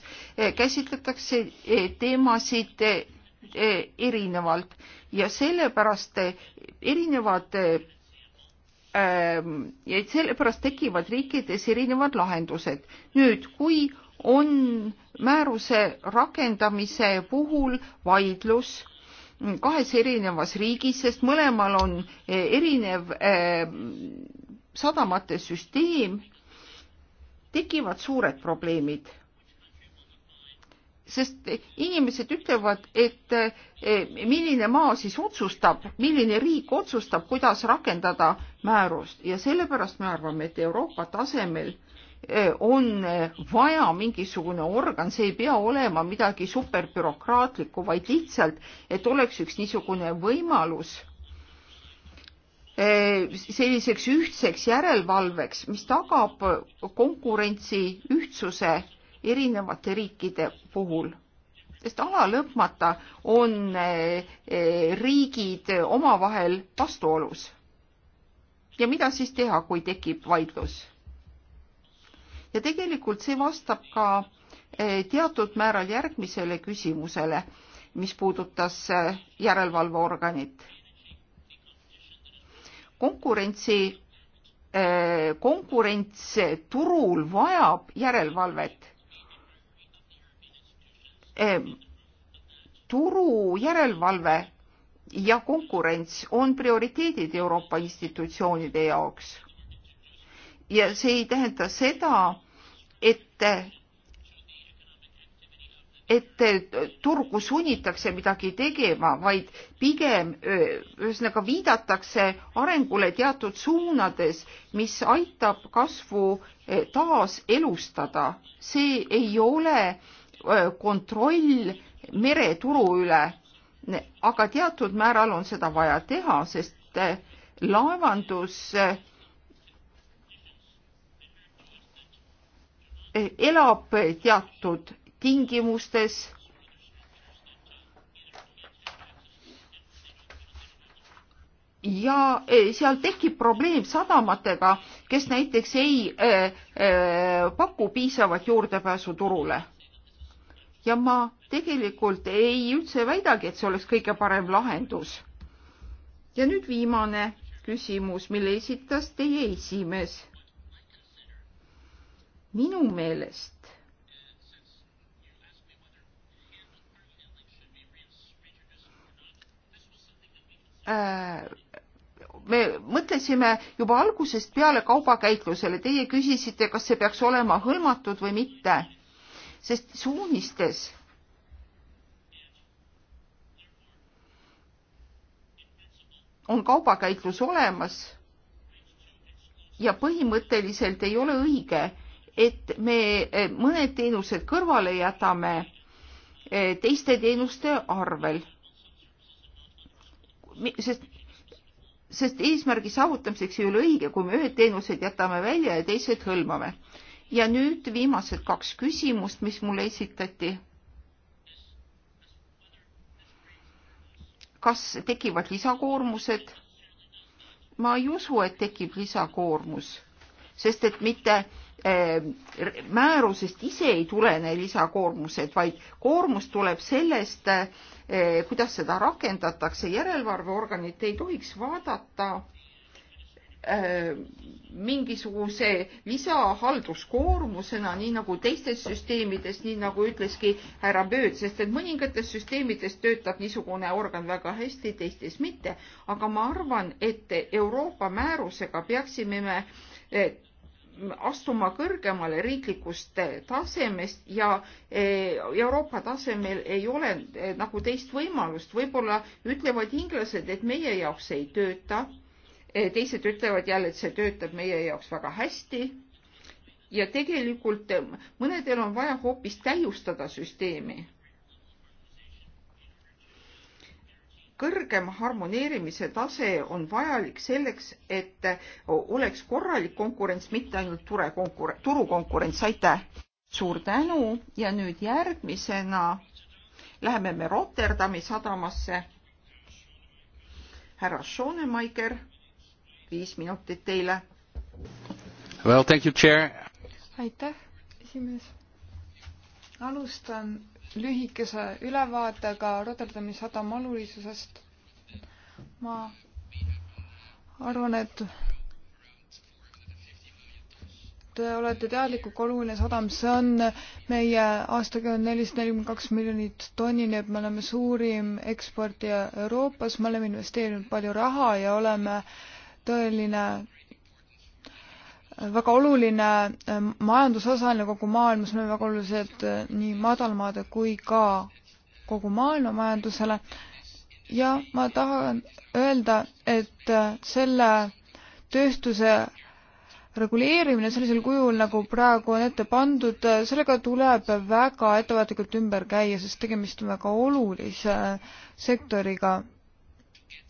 S4: käsitletakse teemasid erinevalt ja sellepärast erinevad ähm, ja sellepärast tekivad riikides erinevad lahendused. nüüd, kui on määruse rakendamise puhul vaidlus kahes erinevas riigis, sest mõlemal on eh, erinev eh, sadamate süsteem, tekivad suured probleemid. sest inimesed ütlevad, et eh, milline maa siis otsustab, milline riik otsustab, kuidas rakendada määrust ja sellepärast me arvame, et Euroopa tasemel Äh, on äh, vaja mingisugune organ, see ei pea olema midagi superbürokraatlikku, vaid lihtsalt, et oleks üks niisugune võimalus äh, selliseks ühtseks järelevalveks, mis tagab konkurentsi ühtsuse erinevate riikide puhul sest alalõpmata on riigid omavahel vastuolus. ja mida siis teha, kui tekib vaidlus? ja tegelikult see vastab ka eh, teatud määral järgmisele küsimusele, mis puudutas eh, järelevalveorganit. konkurentsi, eh, konkurents turul vajab järelevalvet turu järelevalve ja konkurents on prioriteedid Euroopa institutsioonide jaoks ja see ei tähenda seda, et et turgu sunnitakse midagi tegema, vaid pigem ühesõnaga viidatakse arengule teatud suunades, mis aitab kasvu eh, taas elustada. see ei ole eh, kontroll mereturu üle, aga teatud määral on seda vaja teha, sest eh, laevandus elab teatud tingimustes ja eh, seal tekib probleem sadamatega, kes näiteks ei äh, äh, paku piisavat juurdepääsu turule. ja ma tegelikult ei üldse väidagi, et see oleks kõige parem lahendus. ja nüüd viimane küsimus, mille esitas teie esimees minu meelest äh, me mõtlesime juba algusest peale kaubakäitlusele, teie küsisite, kas see peaks olema hõlmatud või mitte, sest suunistes on kaubakäitlus olemas ja põhimõtteliselt ei ole õige et me eh, mõned teenused kõrvale jätame eh, teiste teenuste arvel. sest, sest eesmärgi saavutamiseks ei ole õige, kui me ühed teenused jätame välja ja teised hõlmame. ja nüüd viimased kaks küsimust, mis mulle esitati kas tekivad lisakoormused? ma ei usu, et tekib lisakoormus, sest et mitte Ehm, määrusest ise ei tulene lisakoormused, vaid koormus tuleb sellest, eh, kuidas seda rakendatakse. järelevalveorganit ei tohiks vaadata ehm, mingisuguse lisahalduskoormusena, nii nagu teistes süsteemides, nii nagu ütleski härra Bööd, sest et mõningates süsteemides töötab niisugune organ väga hästi, teistes mitte. aga ma arvan, et Euroopa määrusega peaksime me eh, astuma kõrgemale riiklikust tasemest ja e, Euroopa tasemel ei ole e, nagu teist võimalust. võib-olla ütlevad inglased, et meie jaoks see ei tööta. E, teised ütlevad jälle, et see töötab meie jaoks väga hästi. ja tegelikult mõnedel on vaja hoopis täiustada süsteemi kõrgem harmoneerimise tase on vajalik selleks, et oleks korralik konkurents, mitte ainult ture konkurents, turukonkurents, aitäh. suur tänu ja nüüd järgmisena läheme me Rotterdami sadamasse. härra Schonemaiker, viis minutit teile.
S5: Well, thank you, chair.
S3: aitäh, esimees. alustan lühikese ülevaatega Rotterdami sadama olulisusest. ma arvan, et te olete teadlikud, kui oluline sadam see on. meie aastaga on nelisada nelikümmend kaks miljonit tonni, nii et me oleme suurim eksportija Euroopas, me oleme investeerinud palju raha ja oleme tõeline väga oluline äh, majandusosaline kogu maailmas, me oleme väga olulised äh, nii madalmaade kui ka kogu maailma majandusele. ja ma tahan öelda, et äh, selle tööstuse reguleerimine sellisel kujul, nagu praegu on ette pandud, sellega tuleb väga ettevaatlikult ümber käia, sest tegemist on väga olulise sektoriga.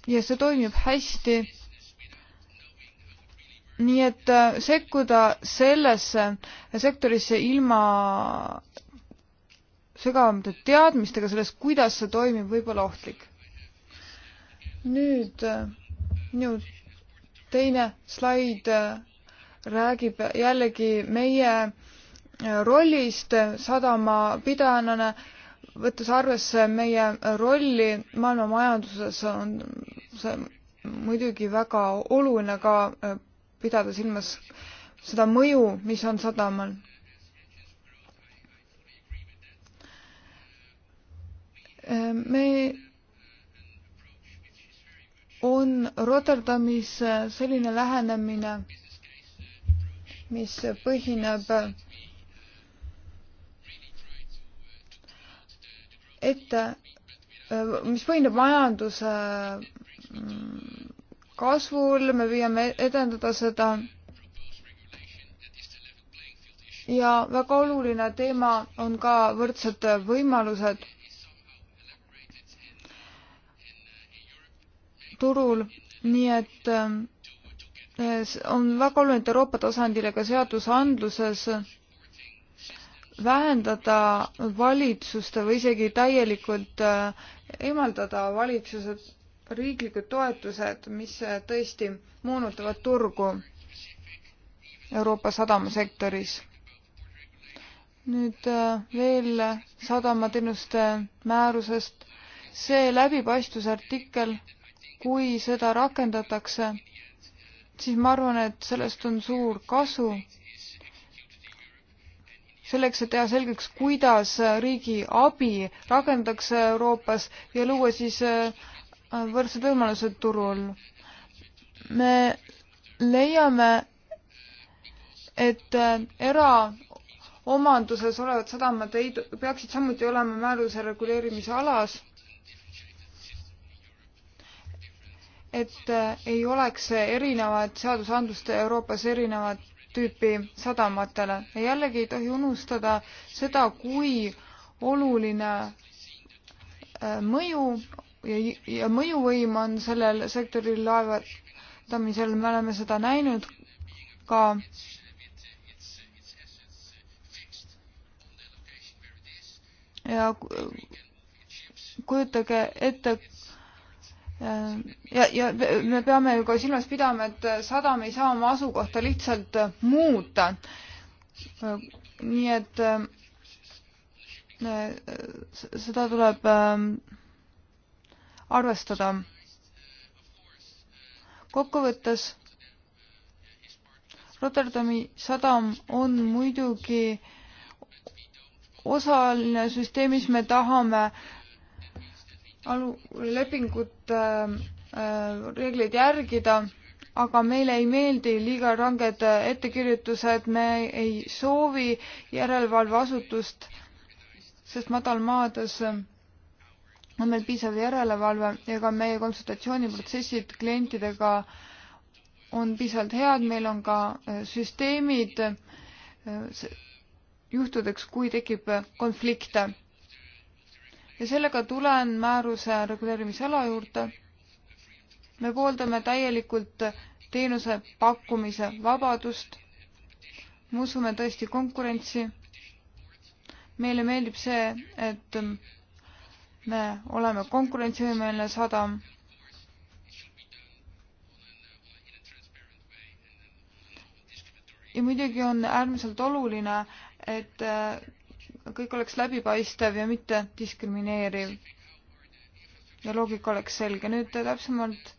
S3: ja see toimib hästi nii et äh, sekkuda sellesse sektorisse ilma sügavamate teadmistega sellest, kuidas see toimib, võib olla ohtlik. nüüd äh, minu teine slaid äh, räägib jällegi meie rollist sadamapidajana, võttes arvesse meie rolli maailma majanduses, on see muidugi väga oluline ka pidada silmas seda mõju, mis on sadamal. me on Rotterdamis selline lähenemine, mis põhineb ette, mis põhineb majanduse kasvul, me püüame edendada seda. ja väga oluline teema on ka võrdsed võimalused turul, nii et eh, on väga oluline, et Euroopa tasandil ja ka seadusandluses vähendada valitsuste või isegi täielikult eh, eemaldada valitsused riiklikud toetused, mis tõesti moonutavad turgu Euroopa sadamasektoris. nüüd äh, veel sadamateenuste määrusest. see läbipaistvuse artikkel, kui seda rakendatakse, siis ma arvan, et sellest on suur kasu. selleks, et teha selgeks, kuidas riigi abi rakendatakse Euroopas ja luua siis äh, Äh, võrdsed võimalused turul. me leiame, et äh, eraomanduses olevad sadamad ei, peaksid samuti olema määruse reguleerimise alas. et äh, ei oleks erinevad seadusandluste Euroopas erinevat tüüpi sadamatele ja jällegi ei tohi unustada seda, kui oluline mõju ja, ja mõjuvõim on sellel sektoril laevatamisel, me oleme seda näinud ka ja kujutage ette ja, ja me peame ju ka silmas pidama, et sadam ei saa oma asukohta lihtsalt muuta. nii et äh, seda tuleb ähm, arvestada. kokkuvõttes Rotterdami sadam on muidugi osaline süsteem, mis me tahame alu-, lepingute äh, äh, reegleid järgida, aga meile ei meeldi liiga ranged ettekirjutused, me ei soovi järelevalveasutust, sest madalmaades äh, on meil piisav järelevalve ja ka meie konsultatsiooniprotsessid klientidega on piisavalt head, meil on ka äh, süsteemid äh, juhtudeks, kui tekib äh, konflikte. ja sellega tulen määruse reguleerimisala juurde. me pooldame täielikult teenuse pakkumise vabadust. me usume tõesti konkurentsi. meile meeldib see, et me oleme konkurentsivõimeline sadam. ja muidugi on äärmiselt oluline, et äh, kõik oleks läbipaistev ja mitte diskrimineeriv. ja loogika oleks selge. nüüd täpsemalt,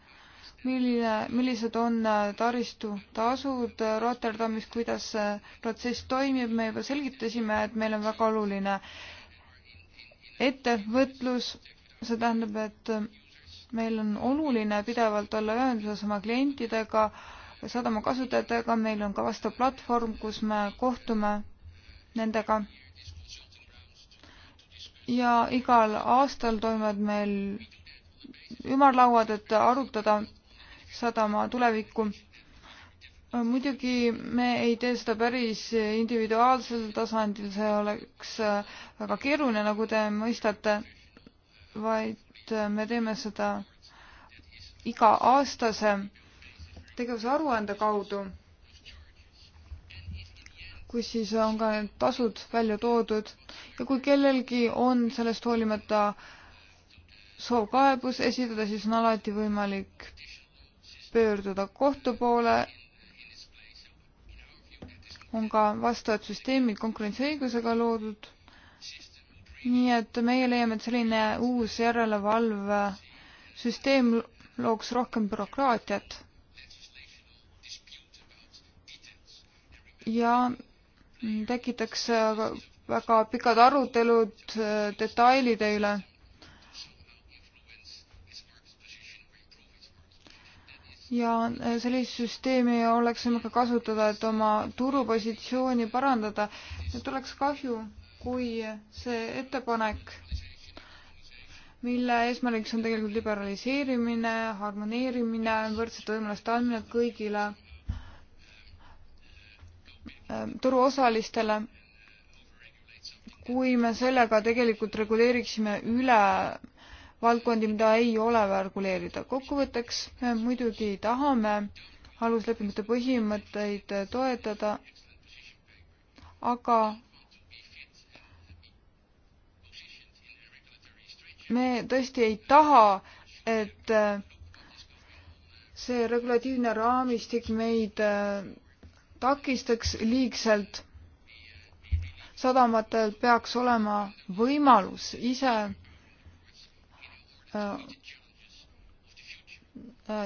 S3: milline, millised on äh, taristutasud äh, Rotterdamis, kuidas see protsess toimib, me juba selgitasime, et meil on väga oluline äh, ettevõtlus, see tähendab, et meil on oluline pidevalt olla ühenduses oma klientidega, sadama kasutajatega, meil on ka vastav platvorm, kus me kohtume nendega. ja igal aastal toimuvad meil ümarlauad, et arutada sadama tulevikku muidugi me ei tee seda päris individuaalsel tasandil, see oleks äh, väga keeruline, nagu te mõistate, vaid äh, me teeme seda iga-aastase tegevusaruande kaudu, kus siis on ka need tasud välja toodud ja kui kellelgi on sellest hoolimata soov kaebus esitada, siis on alati võimalik pöörduda kohtu poole on ka vastavad süsteemid konkurentsiõigusega loodud. nii et meie leiame, et selline uus järelevalvesüsteem looks rohkem bürokraatiat. ja tekitaks väga pikad arutelud detailide üle ja äh, sellist süsteemi oleks võimalik kasutada, et oma turupositsiooni parandada. et oleks kahju, kui see ettepanek, mille eesmärgiks on tegelikult liberaliseerimine, harmoneerimine, võrdsete võimaluste andmine kõigile ähm, turuosalistele, kui me sellega tegelikult reguleeriksime üle valdkondi, mida ei ole reguleerida. kokkuvõtteks me muidugi tahame aluslepingute põhimõtteid toetada, aga me tõesti ei taha, et see regulatiivne raamistik meid takistaks liigselt. sadamatel peaks olema võimalus ise Äh,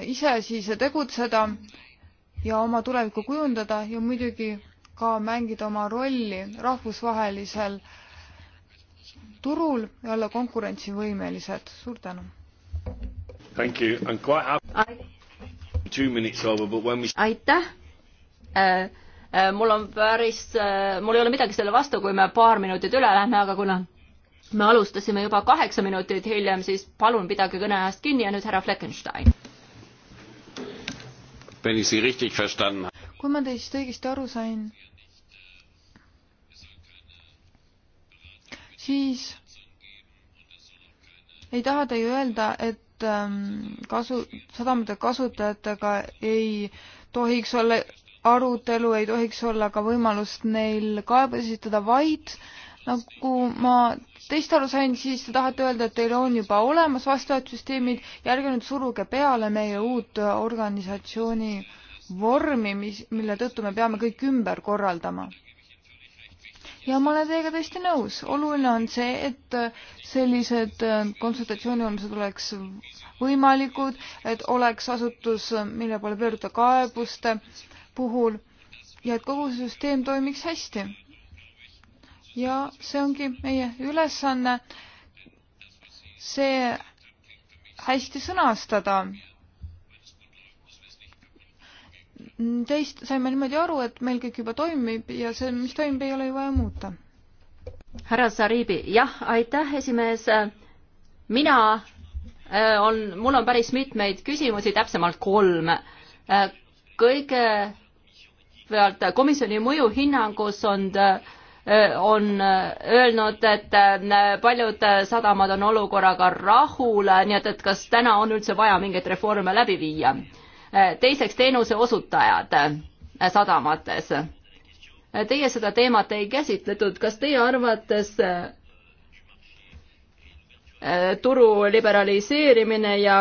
S3: ise siis tegutseda ja oma tulevikku kujundada ja muidugi ka mängida oma rolli rahvusvahelisel turul ja olla konkurentsivõimelised. suur tänu!
S1: aitäh! Äh, äh, mul on päris, mul ei ole midagi selle vastu, kui me paar minutit üle lähme, aga kuna me alustasime juba kaheksa minutit hiljem, siis palun pidage kõne ajast kinni ja nüüd härra Fleckenstein.
S3: kui ma teist õigesti aru sain, siis ei taha te ju öelda, et ähm, kasu, sadamate kasutajatega ei tohiks olla arutelu, ei tohiks olla ka võimalust neil kaebusi esitada, vaid äh, nagu ma teist aru sain, siis te tahate öelda, et teil on juba olemas vastavad süsteemid ja ärge nüüd suruge peale meie uut organisatsiooni vormi, mis, mille tõttu me peame kõik ümber korraldama. ja ma olen teiega täiesti nõus, oluline on see, et sellised konsultatsioonivõimalused oleks võimalikud, et oleks asutus, mille poole pöörduda kaebuste puhul ja et kogu see süsteem toimiks hästi ja see ongi meie ülesanne, see hästi sõnastada. Teist saime niimoodi aru, et meil kõik juba toimib ja see, mis toimib, ei ole ju vaja muuta. härra
S1: Zaribi, jah, aitäh, esimees. mina äh, on, mul on päris mitmeid küsimusi, täpsemalt kolm äh,. kõigepealt komisjoni mõjuhinnangus on äh, on öelnud, et äh, paljud sadamad on olukorraga rahul, nii et, et kas täna on üldse vaja mingeid reforme läbi viia. Äh, teiseks, teenuse osutajad äh, sadamates. Teie seda teemat ei käsitletud, kas teie arvates turu liberaliseerimine ja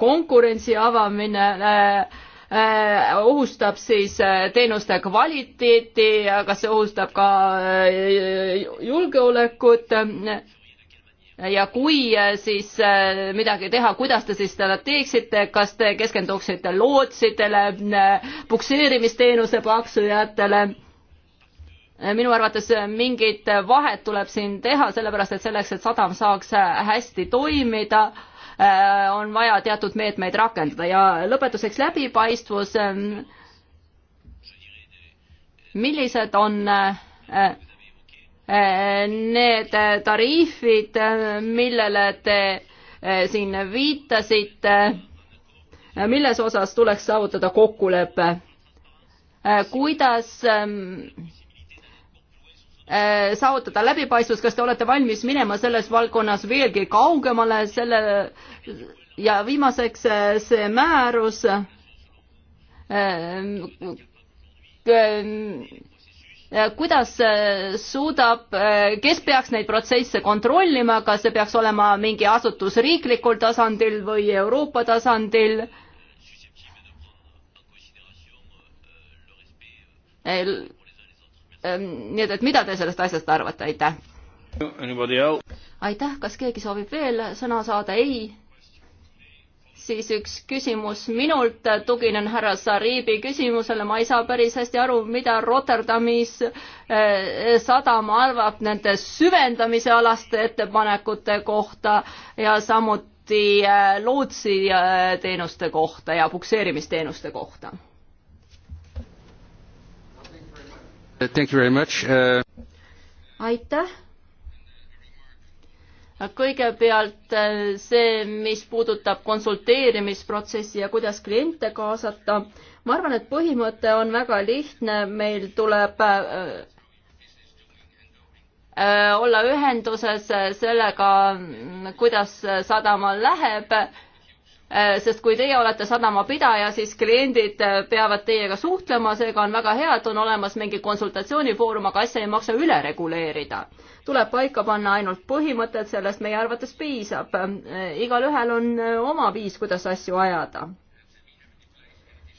S1: konkurentsi avamine äh, Äh, ohustab siis äh, teenuste kvaliteeti, kas see ohustab ka äh, julgeolekut ja kui siis midagi teha, kuidas te siis seda teeksite, kas te keskenduksite lootsidele, pukseerimisteenuse paksujatele? minu arvates mingit vahet tuleb siin teha, sellepärast et selleks, et sadam saaks hästi toimida Äh, on vaja teatud meetmeid rakendada ja lõpetuseks läbipaistvus. Ähm, millised on äh, äh, need tariifid, millele te siin viitasite, milles osas tuleks saavutada kokkulepe? kuidas ähm, Äh, saavutada läbipaistvus, kas te olete valmis minema selles valdkonnas veelgi kaugemale selle ja viimaseks äh, see määrus äh, kuidas suudab, kes peaks neid protsesse kontrollima, kas see peaks olema mingi asutus riiklikul tasandil või Euroopa tasandil? Ehm, nii et, et mida te sellest asjast arvate, aitäh! aitäh, kas keegi soovib veel sõna saada, ei? siis üks küsimus minult, tuginen härra Sariibi küsimusele, ma ei saa päris hästi aru, mida Rotterdamis eh, sadam arvab nende süvendamise alaste ettepanekute kohta ja samuti eh, lootsiteenuste eh, kohta ja pukseerimisteenuste kohta
S2: Uh, uh,
S1: aitäh. kõigepealt äh, see, mis puudutab konsulteerimisprotsessi ja kuidas kliente kaasata. ma arvan, et põhimõte on väga lihtne, meil tuleb äh, äh, olla ühenduses sellega, kuidas sadamal läheb Äh, sest kui teie olete sadamapidaja, siis kliendid äh, peavad teiega suhtlema, seega on väga hea, et on olemas mingi konsultatsioonifoorum, aga asja ei maksa üle reguleerida. tuleb paika panna ainult põhimõtted, sellest meie arvates piisab. Äh, igalühel on oma viis, kuidas asju ajada.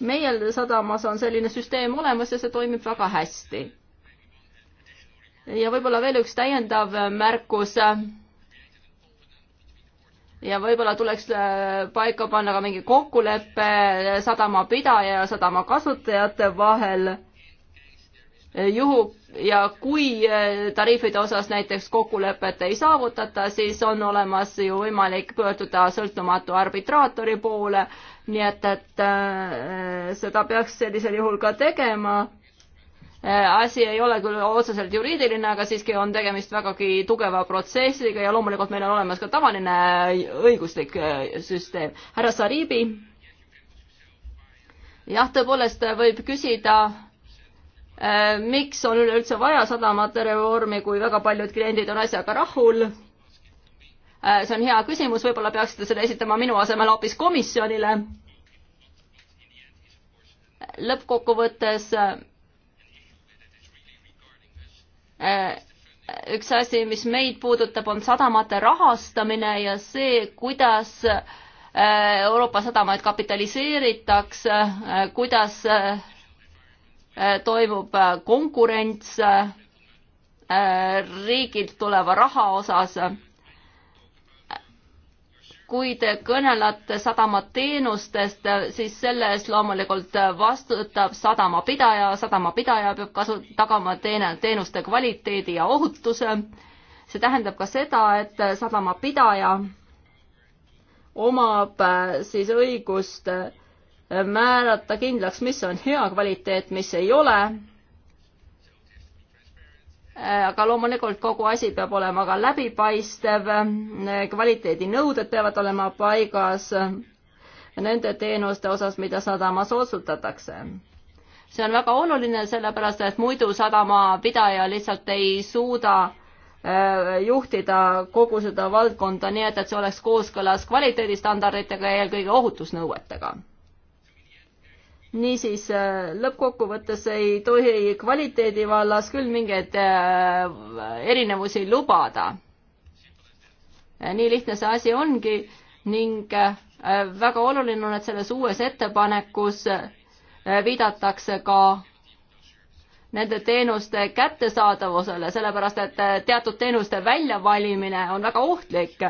S1: meie sadamas on selline süsteem olemas ja see toimib väga hästi. ja võib-olla veel üks täiendav märkus ja võib-olla tuleks äh, paika panna ka mingi kokkulepe sadamapidaja ja sadama kasutajate vahel äh, juhu ja kui äh, tariifide osas näiteks kokkulepet ei saavutata, siis on olemas ju võimalik pöörduda sõltumatu arbitraatori poole, nii et, et seda peaks sellisel juhul ka tegema Äh, asi ei ole küll otseselt juriidiline, aga siiski on tegemist vägagi tugeva protsessiga ja loomulikult meil on olemas ka tavaline õiguslik äh, süsteem. härra Saribi? jah, tõepoolest võib küsida, äh, miks on üleüldse vaja sadamate reformi, kui väga paljud kliendid on asjaga rahul? see on hea küsimus, võib-olla peaksite selle esitama minu asemel hoopis komisjonile lõppkokkuvõttes Äh, üks asi, mis meid puudutab, on sadamate rahastamine ja see, kuidas äh, Euroopa sadamaid kapitaliseeritakse, äh, kuidas toimub konkurents riigilt tuleva raha osas kui te kõnelete sadamateenustest, siis selle eest loomulikult vastutab sadamapidaja, sadamapidaja peab kasu-, tagama teene, teenuste kvaliteedi ja ohutuse. see tähendab ka seda, et sadamapidaja omab äh, siis õigust äh, määrata kindlaks, mis on hea kvaliteet, mis ei ole Äh, aga loomulikult kogu asi peab olema ka läbipaistev, äh, kvaliteedinõuded peavad olema paigas nende teenuste osas, mida sadamas otsustatakse. see on väga oluline, sellepärast et muidu sadama pidaja lihtsalt ei suuda äh, juhtida kogu seda valdkonda nii, et, et see oleks kooskõlas kvaliteedistandarditega ja eelkõige ohutusnõuetega niisiis äh, lõppkokkuvõttes ei tohi kvaliteedi vallas küll mingeid äh, erinevusi lubada. Äh, nii lihtne see asi ongi ning väga oluline on, et selles uues ettepanekus viidatakse ka nende teenuste kättesaadavusele, sellepärast et teatud teenuste väljavalimine on väga ohtlik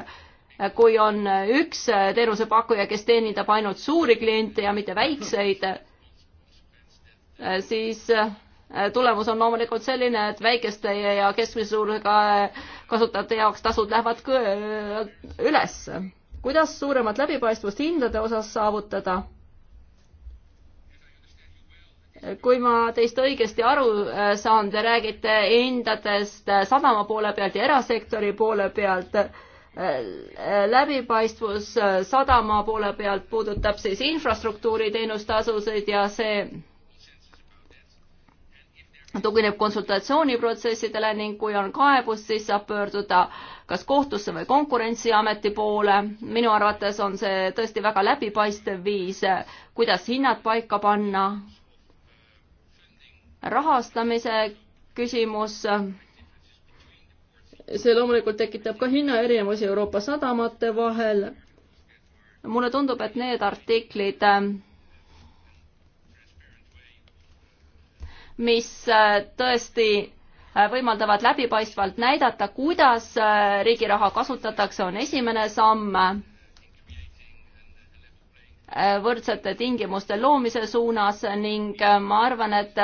S1: kui on üks teenusepakkuja, kes teenindab ainult suuri kliente ja mitte väikseid, Äh, siis äh, tulemus on loomulikult selline, et väikeste ja keskmise suurusega äh, kasutajate jaoks tasud lähevad üles. kuidas suuremat läbipaistvust hindade osas saavutada? kui ma teist õigesti aru saan, te räägite hindadest sadama poole pealt ja erasektori poole pealt. läbipaistvus sadama poole pealt puudutab siis infrastruktuuri teenustasusid ja see tugineb konsultatsiooniprotsessidele ning kui on kaebus, siis saab pöörduda kas kohtusse või Konkurentsiameti poole. minu arvates on see tõesti väga läbipaistev viis, kuidas hinnad paika panna. rahastamise küsimus. see loomulikult tekitab ka hinnaerinevusi Euroopa sadamate vahel. mulle tundub, et need artiklid mis äh, tõesti äh, võimaldavad läbipaistvalt näidata, kuidas äh, riigi raha kasutatakse, on esimene samm võrdsete tingimuste loomise suunas ning ma arvan, et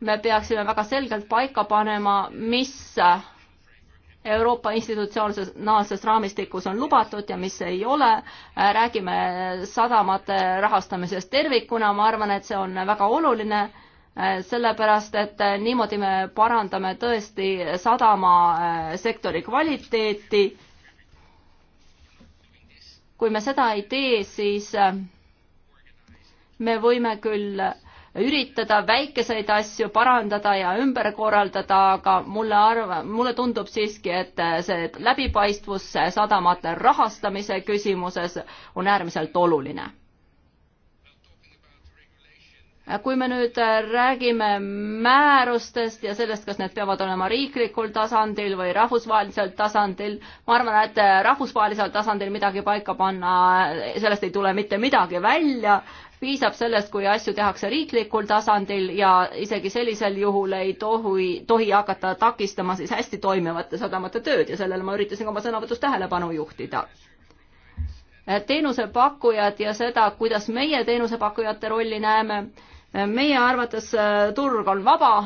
S1: me peaksime väga selgelt paika panema, mis Euroopa institutsionaalses raamistikus on lubatud ja mis ei ole. räägime sadamate rahastamisest tervikuna, ma arvan, et see on väga oluline Äh, sellepärast et äh, niimoodi me parandame tõesti sadamasektori äh, kvaliteeti. kui me seda ei tee, siis me võime küll üritada väikeseid asju parandada ja ümber korraldada, aga mulle arv-, mulle tundub siiski, et see läbipaistvus sadamate rahastamise küsimuses on äärmiselt oluline kui me nüüd äh, räägime määrustest ja sellest, kas need peavad olema riiklikul tasandil või rahvusvahelisel tasandil, ma arvan, et äh, rahvusvahelisel tasandil midagi paika panna, äh, sellest ei tule mitte midagi välja, piisab sellest, kui asju tehakse riiklikul tasandil ja isegi sellisel juhul ei tohi, tohi hakata takistama siis hästi toimivate sadamate tööd ja sellele ma üritasin ka oma sõnavõtus tähelepanu juhtida teenusepakkujad ja seda, kuidas meie teenusepakkujate rolli näeme. meie arvates äh, turg on vaba,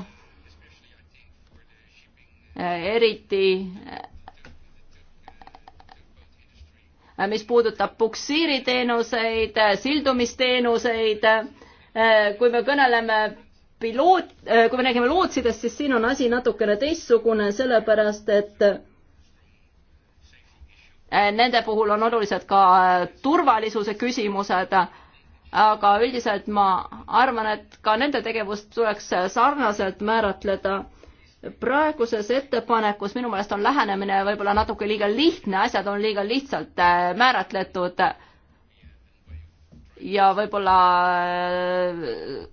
S1: äh, eriti äh, mis puudutab puksiiriteenuseid, sildumisteenuseid, kui me kõneleme piloot, kui me räägime lootsidest, siis siin on asi natukene teistsugune, sellepärast et Eh, nende puhul on olulised ka eh, turvalisuse küsimused, aga üldiselt ma arvan, et ka nende tegevust tuleks eh, sarnaselt määratleda. praeguses ettepanekus minu meelest on lähenemine võib-olla natuke liiga lihtne, asjad on liiga lihtsalt määratletud ja võib-olla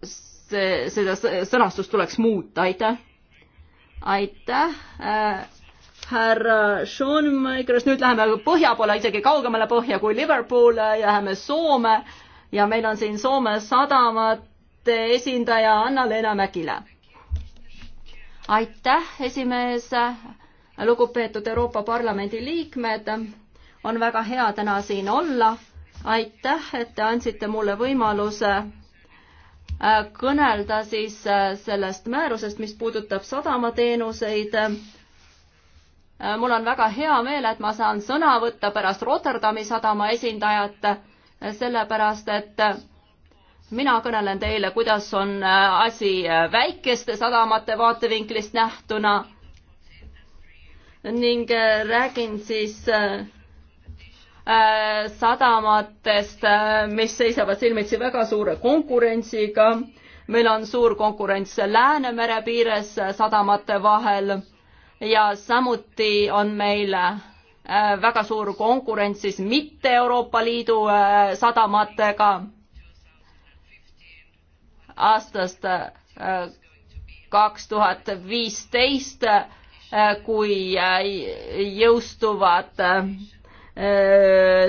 S1: see, seda sõnastust tuleks muuta, aitäh. aitäh härra Schoenmakerist, nüüd läheme põhja poole, isegi kaugemale põhja kui Liverpool ja läheme Soome ja meil on siin Soome sadamate esindaja Anna-Leena Mägile. aitäh, esimees, lugupeetud Euroopa Parlamendi liikmed, on väga hea täna siin olla, aitäh, et te andsite mulle võimaluse äh, kõnelda siis äh, sellest määrusest, mis puudutab sadamateenuseid Äh, mul on väga hea meel, et ma saan sõna võtta pärast Rotterdami sadama esindajat, äh, sellepärast et äh, mina kõnelen teile, kuidas on asi väikeste sadamate vaatevinklist nähtuna ning räägin siis sadamatest, mis seisavad silmitsi väga suure konkurentsiga. meil on suur konkurents Läänemere piires sadamate vahel ja samuti on meil äh, väga suur konkurents siis mitte Euroopa Liidu äh, sadamatega aastast äh, kaks tuhat viisteist, kui jõustuvad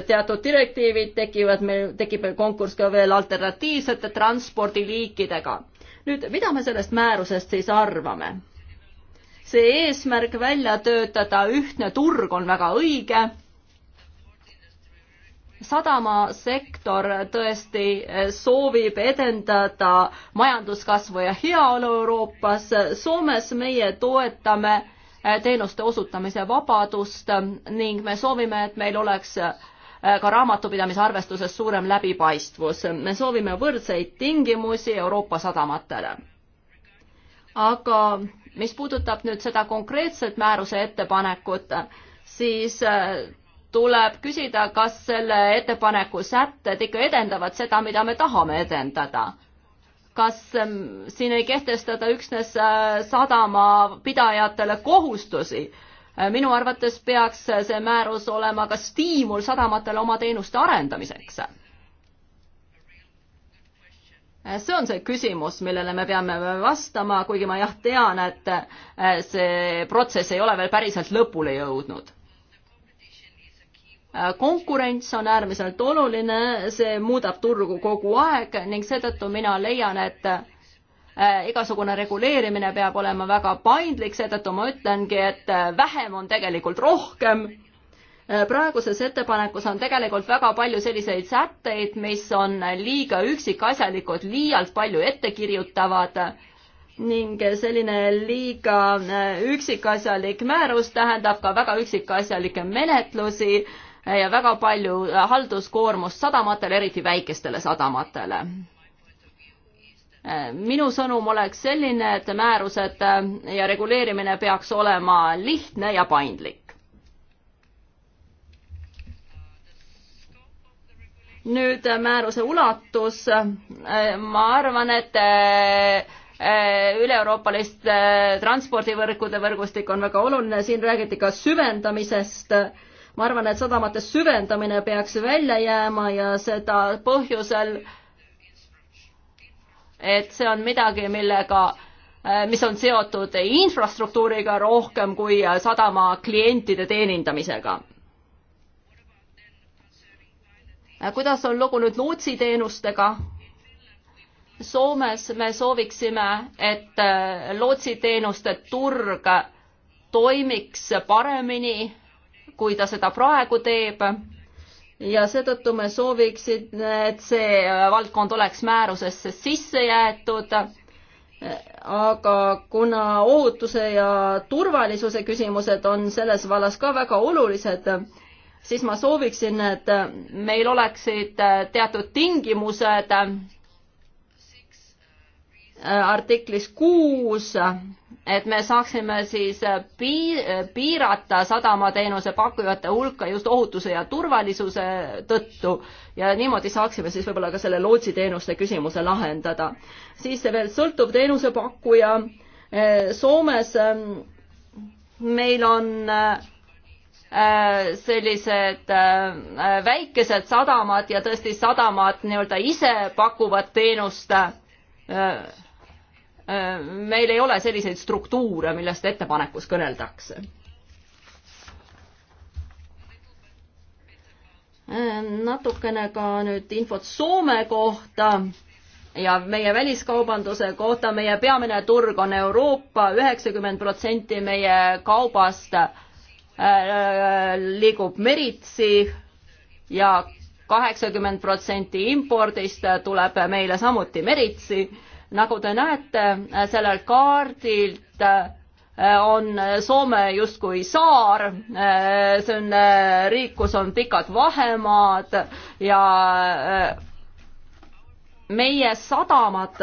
S1: teatud direktiivid, tekivad meil, tekib meil konkurss ka veel alternatiivsete transpordiliikidega. nüüd, mida me sellest määrusest siis arvame? see eesmärk välja töötada, ühtne turg on väga õige. sadamasektor tõesti soovib edendada majanduskasvu ja heaolu Euroopas. Soomes meie toetame teenuste osutamise vabadust ning me soovime, et meil oleks ka raamatupidamise arvestuses suurem läbipaistvus. me soovime võrdseid tingimusi Euroopa sadamatele. aga mis puudutab nüüd seda konkreetset määruse ettepanekut, siis äh, tuleb küsida, kas selle ettepaneku sätted ikka edendavad seda, mida me tahame edendada. kas ähm, siin ei kehtestada üksnes äh, sadamapidajatele kohustusi? Äh, minu arvates peaks see määrus olema ka stiimul sadamatele oma teenuste arendamiseks Äh, see on see küsimus, millele me peame vastama, kuigi ma jah, tean, et äh, see protsess ei ole veel päriselt lõpule jõudnud. Äh, konkurents on äärmiselt oluline, see muudab turgu kogu aeg ning seetõttu mina leian, et igasugune reguleerimine peab olema väga paindlik, seetõttu ma ütlengi, et vähem on tegelikult rohkem Äh, praeguses ettepanekus on tegelikult väga palju selliseid sätteid, mis on liiga üksikasjalikud, liialt palju ettekirjutavad ning selline liiga äh, üksikasjalik määrus tähendab ka väga üksikasjalikke menetlusi äh, ja väga palju halduskoormust sadamatele, eriti väikestele sadamatele minu sõnum oleks selline, et määrused ja reguleerimine peaks olema lihtne ja paindlik. nüüd äh, määruse ulatus, äh, ma arvan, et äh, üle-euroopalist transpordivõrkude võrgustik on väga oluline, siin räägiti ka süvendamisest. ma arvan, et sadamate süvendamine peaks välja jääma ja seda põhjusel, et see on midagi, millega, mis on seotud infrastruktuuriga rohkem kui sadama klientide teenindamisega Äh, kuidas on lugu nüüd lootsiteenustega? Soomes me sooviksime, et äh, lootsiteenuste turg toimiks paremini, kui ta seda praegu teeb. ja seetõttu me sooviksid, et see äh, valdkond oleks määrusesse sisse jäetud. aga kuna ohutuse ja turvalisuse küsimused on selles vallas ka väga olulised, siis ma sooviksin, et meil oleksid äh, teatud tingimused äh, artiklis kuus, et me saaksime siis äh, piir, piirata sadamateenuse pakkujate hulka just ohutuse ja turvalisuse tõttu ja niimoodi saaksime siis võib-olla ka selle lootsiteenuste küsimuse lahendada. siis veel sõltuv teenusepakkuja. Soomes ähm, meil on äh, Äh, sellised äh, väikesed sadamad ja tõesti sadamad nii-öelda ise pakuvad teenust. Äh, meil ei ole selliseid struktuure, millest ettepanekus kõneldakse. natukene ka nüüd infot Soome kohta ja meie väliskaubanduse kohta. meie peamine turg on Euroopa, üheksakümmend protsenti meie kaubast äh, Äh, liigub meritsi ja kaheksakümmend protsenti impordist tuleb meile samuti meritsi. nagu te näete, äh, sellel kaardilt äh, on Soome justkui saar, see on riik, kus on pikad vahemaad ja meie sadamad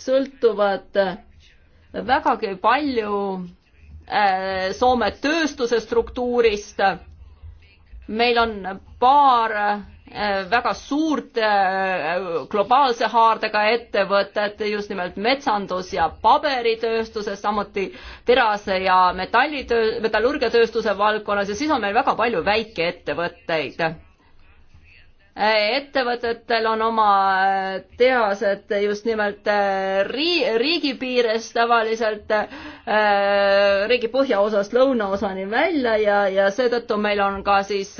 S1: sõltuvad vägagi palju Äh, Soome tööstuse struktuurist. meil on paar äh, väga suurt äh, globaalse haardega ettevõtet, just nimelt metsandus- ja paberitööstuses, samuti terase- ja metallitöö, metallurgiatööstuse valdkonnas ja siis on meil väga palju väikeettevõtteid ettevõtetel on oma äh, tehased just nimelt äh, rii-, riigi piires tavaliselt, äh, riigi põhjaosast lõunaosani välja ja, ja seetõttu meil on ka siis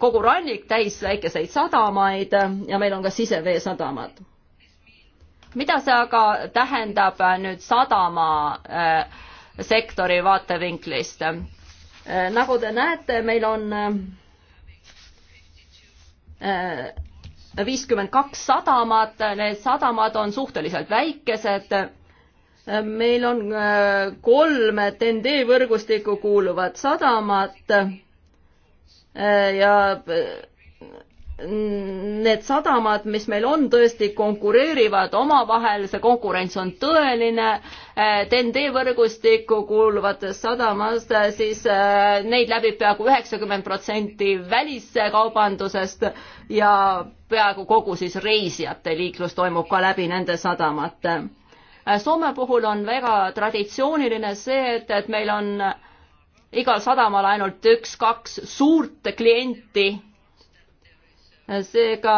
S1: kogu rannik täis väikeseid sadamaid ja meil on ka siseveesadamad. mida see aga tähendab nüüd sadama sektori vaatevinklist? nagu te näete, meil on Äh, viiskümmend kaks sadamat, need sadamad on suhteliselt väikesed. Äh, meil on äh, kolm TNT võrgustikku kuuluvat sadamat ja need sadamad, mis meil on, tõesti konkureerivad omavahel, see konkurents on tõeline TNT võrgustikku kuuluvatest sadamast, siis äh, neid läbib peaaegu üheksakümmend protsenti väliskaubandusest ja peaaegu kogu siis reisijate liiklus toimub ka läbi nende sadamate. Äh, Soome puhul on väga traditsiooniline see, et, et meil on igal sadamal ainult üks-kaks suurt klienti. Äh, seega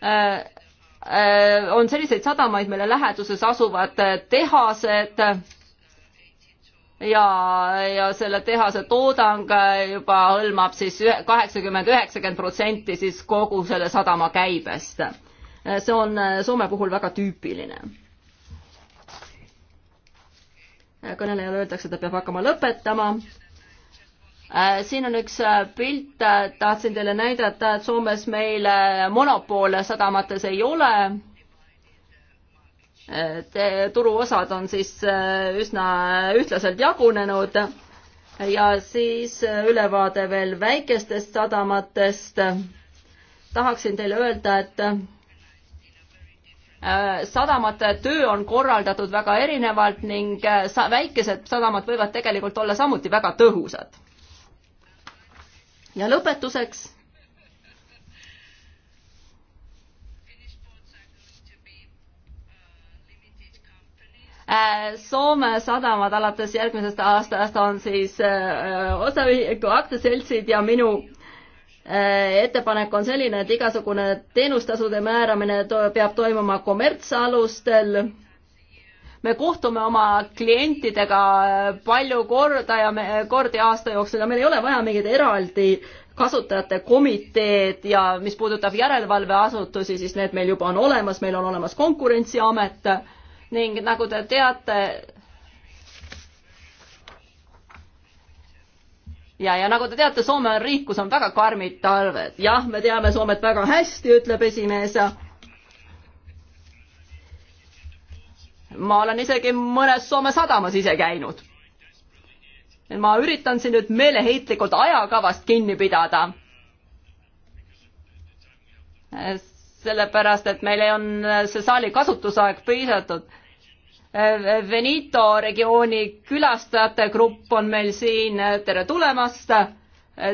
S1: äh, Äh, on selliseid sadamaid, mille läheduses asuvad äh, tehased ja, ja selle tehase toodang äh, juba hõlmab siis kaheksakümmend, üheksakümmend protsenti siis kogu selle sadama käibest. see on Soome puhul väga tüüpiline. kõnelejale öeldakse, et ta peab hakkama lõpetama Äh, siin on üks äh, pilt, äh, tahtsin teile näidata, et Soomes meil monopole sadamates ei ole. turuosad on siis üsna ühtlaselt jagunenud ja siis ülevaade veel väikestest sadamatest. tahaksin teile öelda, et sadamate töö on korraldatud väga erinevalt ning väikesed sadamad võivad tegelikult olla samuti väga tõhusad ja lõpetuseks äh, Soome sadamad alates järgmisest aastast on siis äh, osaühingu aktsiaseltsid ja minu äh, ettepanek on selline, et igasugune teenustasude määramine peab toimuma kommertsalustel me kohtume oma klientidega palju korda ja me, kordi aasta jooksul ja meil ei ole vaja mingeid eraldi kasutajate komiteed ja mis puudutab järelevalveasutusi, siis need meil juba on olemas, meil on olemas Konkurentsiamet ning nagu te teate, ja, ja nagu te teate, Soome on riik, kus on väga karmid talved. jah, me teame Soomet väga hästi, ütleb esimees ma olen isegi mõnes Soome sadamas ise käinud. ma üritan siin nüüd meeleheitlikult ajakavast kinni pidada. sellepärast, et meil on see saali kasutusaeg piisatud. Veneto regiooni külastajate grupp on meil siin, tere tulemast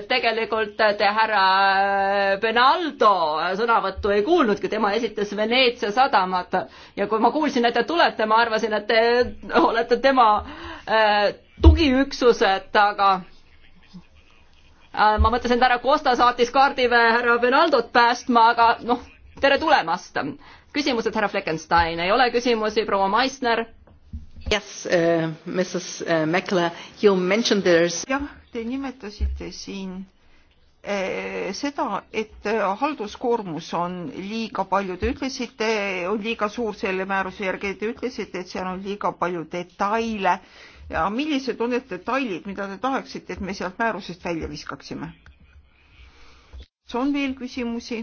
S1: tegelikult te härra äh, Benaldo sõnavõttu ei kuulnudki, tema esitas Veneetsia sadamat ja kui ma kuulsin, et te tulete, ma arvasin, et te olete tema äh, tugiüksused, aga äh, ma mõtlesin, et härra Costa saatis kaardiväe härra Benaldot päästma, aga noh, tere tulemast. küsimused, härra Fleckenstein, ei ole küsimusi, proua Meissner?
S4: Yes uh,, Mrs uh, Mäkla, you mentioned there is jah
S1: Te nimetasite siin
S4: eh, seda, et eh, halduskoormus on liiga palju, te ütlesite, on liiga suur selle määruse järgi, te ütlesite, et seal on liiga palju detaile. ja millised on need detailid, mida te tahaksite, et me sealt määrusest välja viskaksime? kas on veel küsimusi?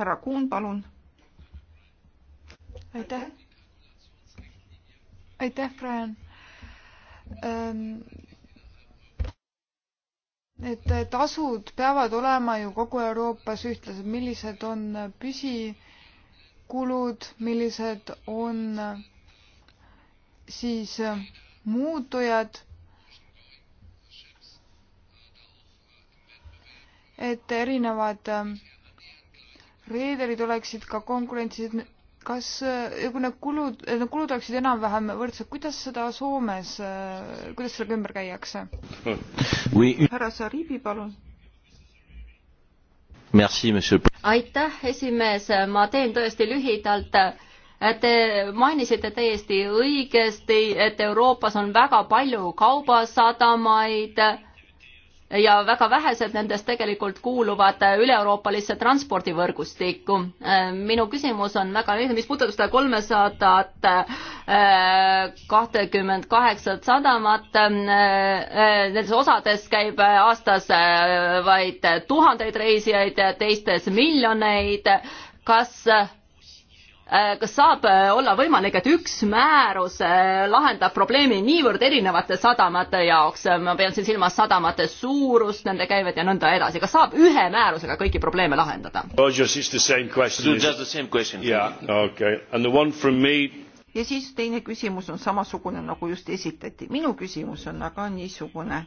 S4: härra Kuhn, palun.
S3: aitäh. aitäh, Brian Ähm, et äh, tasud peavad olema ju kogu Euroopas ühtlased, millised on äh, püsikulud, millised on äh, siis muutujad. et erinevad reederid oleksid ka konkurentsid kas, äh, kui need kulud, need kulud oleksid enam-vähem võrdsed, kuidas seda Soomes, äh, kuidas sellega ümber käiakse oui.? härra Saribi,
S1: palun. aitäh, esimees, ma teen tõesti lühidalt Te mainisite täiesti õigesti, et Euroopas on väga palju kaubasadamaid ja väga vähesed nendest tegelikult kuuluvad üle-euroopalisse transpordivõrgustikku. minu küsimus on väga lihtne, mis puudutab seda kolmesadat eh, kahtekümmend kaheksat sadamat, eh, eh, nendes osades käib aastas vaid tuhandeid reisijaid, teistes miljoneid, kas Äh, kas saab äh, olla võimalik, et üks määrus äh, lahendab probleemi niivõrd erinevate sadamate jaoks, ma pean siin silmas sadamate suurust, nende käivet ja nõnda edasi, kas saab ühe määrusega kõiki probleeme lahendada?
S4: ja siis teine
S1: küsimus on samasugune,
S4: nagu just esitati. minu küsimus on aga niisugune.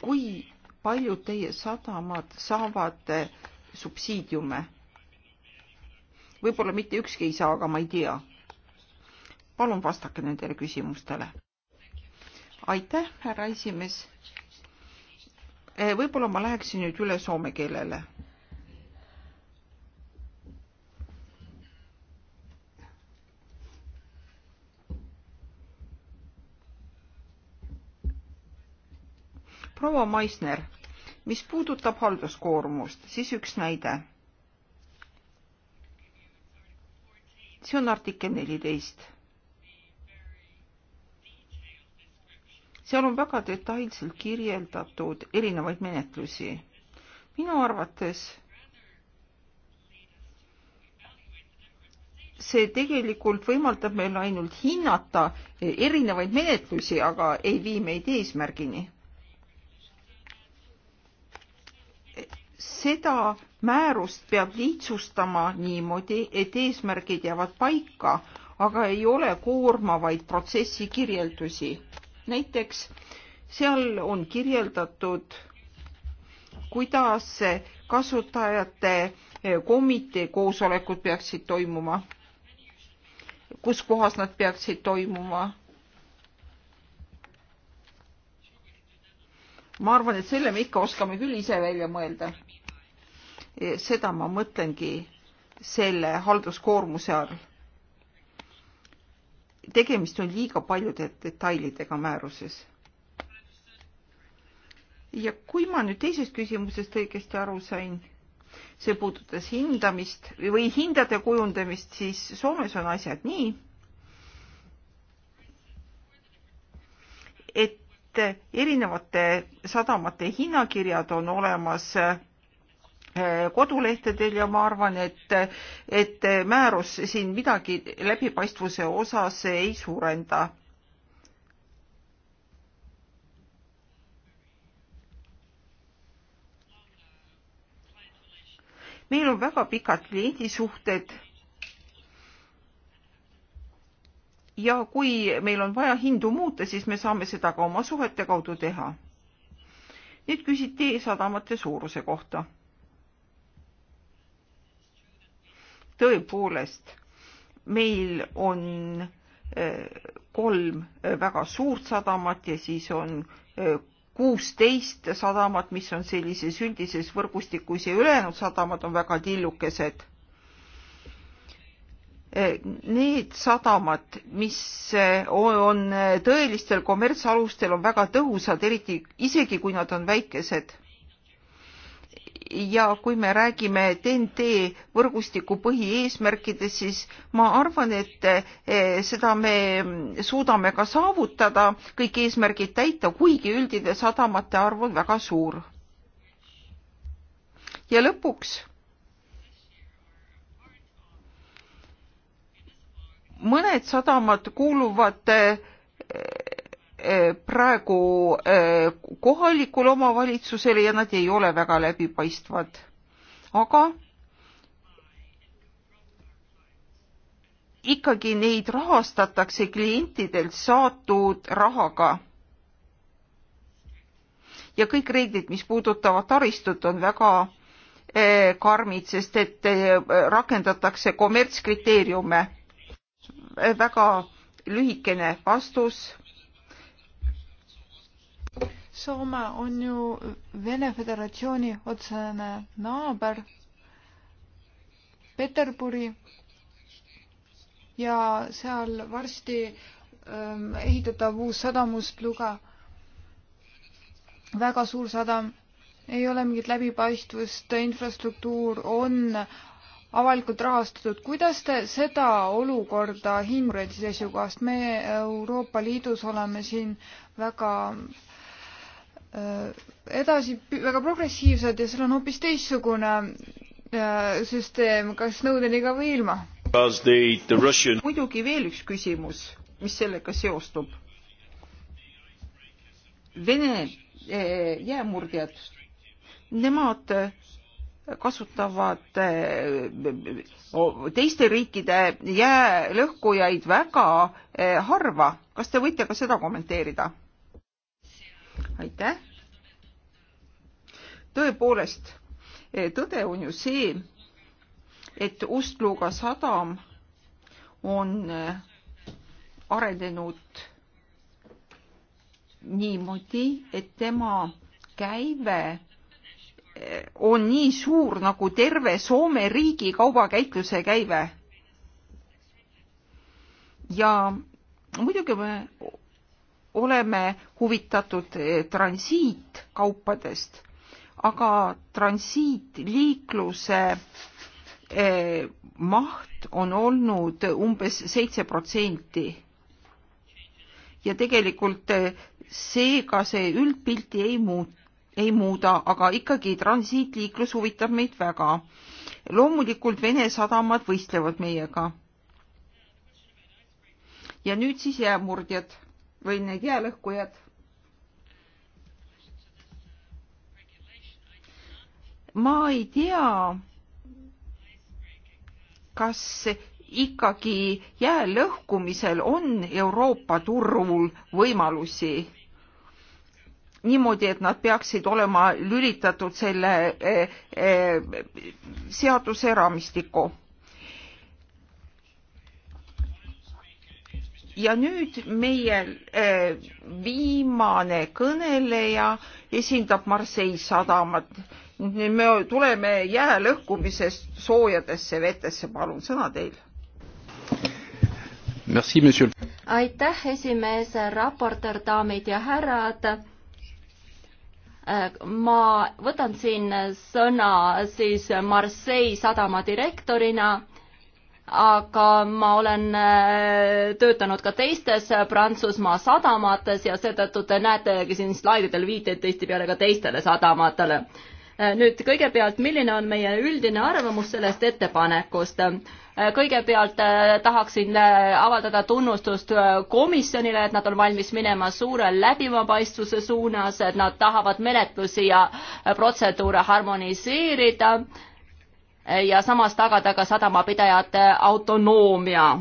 S4: kui paljud teie sadamad saavad subsiidiume? võib-olla mitte ükski ei saa, aga ma ei tea. palun vastake nendele küsimustele. aitäh, härra esimees. Eh, võib-olla ma läheksin nüüd üle soome keelele proua Maisner, mis puudutab halduskoormust, siis üks näide see on artikkel neliteist. seal on väga detailselt kirjeldatud erinevaid menetlusi. minu arvates see tegelikult võimaldab meil ainult hinnata erinevaid menetlusi, aga ei vii meid eesmärgini. seda määrust peab lihtsustama niimoodi, et eesmärgid jäävad paika, aga ei ole koormavaid protsessi kirjeldusi. näiteks seal on kirjeldatud, kuidas kasutajate komitee koosolekud peaksid toimuma, kus kohas nad peaksid toimuma. ma arvan, et selle me ikka oskame küll ise välja mõelda seda ma mõtlengi selle halduskoormuse all. tegemist on liiga paljude detailidega määruses. ja kui ma nüüd teisest küsimusest õigesti aru sain, see puudutas hindamist või hindade kujundamist, siis Soomes on asjad nii, et erinevate sadamate hinnakirjad on olemas Äh, kodulehtedel ja ma arvan, et, et määrus siin midagi läbipaistvuse osas ei suurenda. meil on väga pikad kliendisuhted. ja kui meil on vaja hindu muuta, siis me saame seda ka oma suhete kaudu teha. nüüd küsiti sadamate suuruse kohta tõepoolest meil on eh, kolm eh, väga suurt sadamat ja siis on eh, kuusteist sadamat, mis on sellises üldises võrgustikus ja ülejäänud sadamad on väga tillukesed. Need sadamad, mis on tõelistel kommertsalustel, on väga tõhusad, eriti isegi kui nad on väikesed ja kui me räägime TNT võrgustiku põhieesmärkidest, siis ma arvan, et e, seda me suudame ka saavutada, kõik eesmärgid täita, kuigi üldine sadamate arv on väga suur. ja lõpuks mõned sadamad kuuluvad e, Eh, praegu eh, kohalikule omavalitsusele ja nad ei ole väga läbipaistvad. aga ikkagi neid rahastatakse klientidelt saatud rahaga. ja kõik reeglid, mis puudutavad taristut, on väga eh, karmid, sest et rakendatakse kommertskriteeriume. väga lühikene
S3: vastus Soome on ju Vene Föderatsiooni otsene naaber Peterburi ja seal varsti ähm, ehitatav uus sadam Ust-Luga, väga suur sadam, ei ole mingit läbipaistvust, infrastruktuur on avalikult rahastatud. kuidas te seda olukorda hindate seisukohast? me Euroopa Liidus oleme siin väga äh, Äh, edasi väga progressiivsed ja seal on hoopis teistsugune äh, süsteem, kas Snowdeniga või ilma.
S2: Russian...
S4: muidugi veel üks küsimus, mis sellega seostub. Vene äh, jäämurdjad, nemad kasutavad teiste riikide jäälõhkujaid väga harva. kas te võite ka seda kommenteerida? aitäh. tõepoolest, eh, tõde on ju see, et Ust-Luga sadam on eh, arenenud niimoodi, et tema käive eh, on nii suur nagu terve Soome riigi kaubakäitluse käive. ja muidugi me oleme huvitatud eh, transiitkaupadest, aga transiitliikluse eh, maht on olnud umbes seitse protsenti. ja tegelikult eh, seega see üldpilti ei muutu ei muuda, aga ikkagi transiitliiklus huvitab meid väga. loomulikult Vene sadamad võistlevad meiega. ja nüüd siis jäämurdjad või need jäälõhkujad. ma ei tea, kas ikkagi jää lõhkumisel on Euroopa turul võimalusi niimoodi, et nad peaksid olema lülitatud selle eh, eh, seaduse raamistikku ja nüüd meie äh, viimane kõneleja esindab Marseille sadamat. me tuleme jää lõhkumisest soojadesse vetesse,
S1: palun, sõna teil. aitäh, esimees, raportöör, daamid ja härrad äh, ma võtan siin sõna siis Marseille sadama direktorina aga ma olen äh, töötanud ka teistes Prantsusmaa sadamates ja seetõttu te näetegi siin slaididel viiteid tihtipeale ka teistele sadamatele. Äh, nüüd kõigepealt, milline on meie üldine arvamus sellest ettepanekust? Äh, kõigepealt tahaksin avaldada tunnustust komisjonile, et nad on valmis minema suure läbimapaistvuse suunas, et nad tahavad menetlusi ja protseduure harmoniseerida ja samas tagada ka sadamapidajate autonoomia.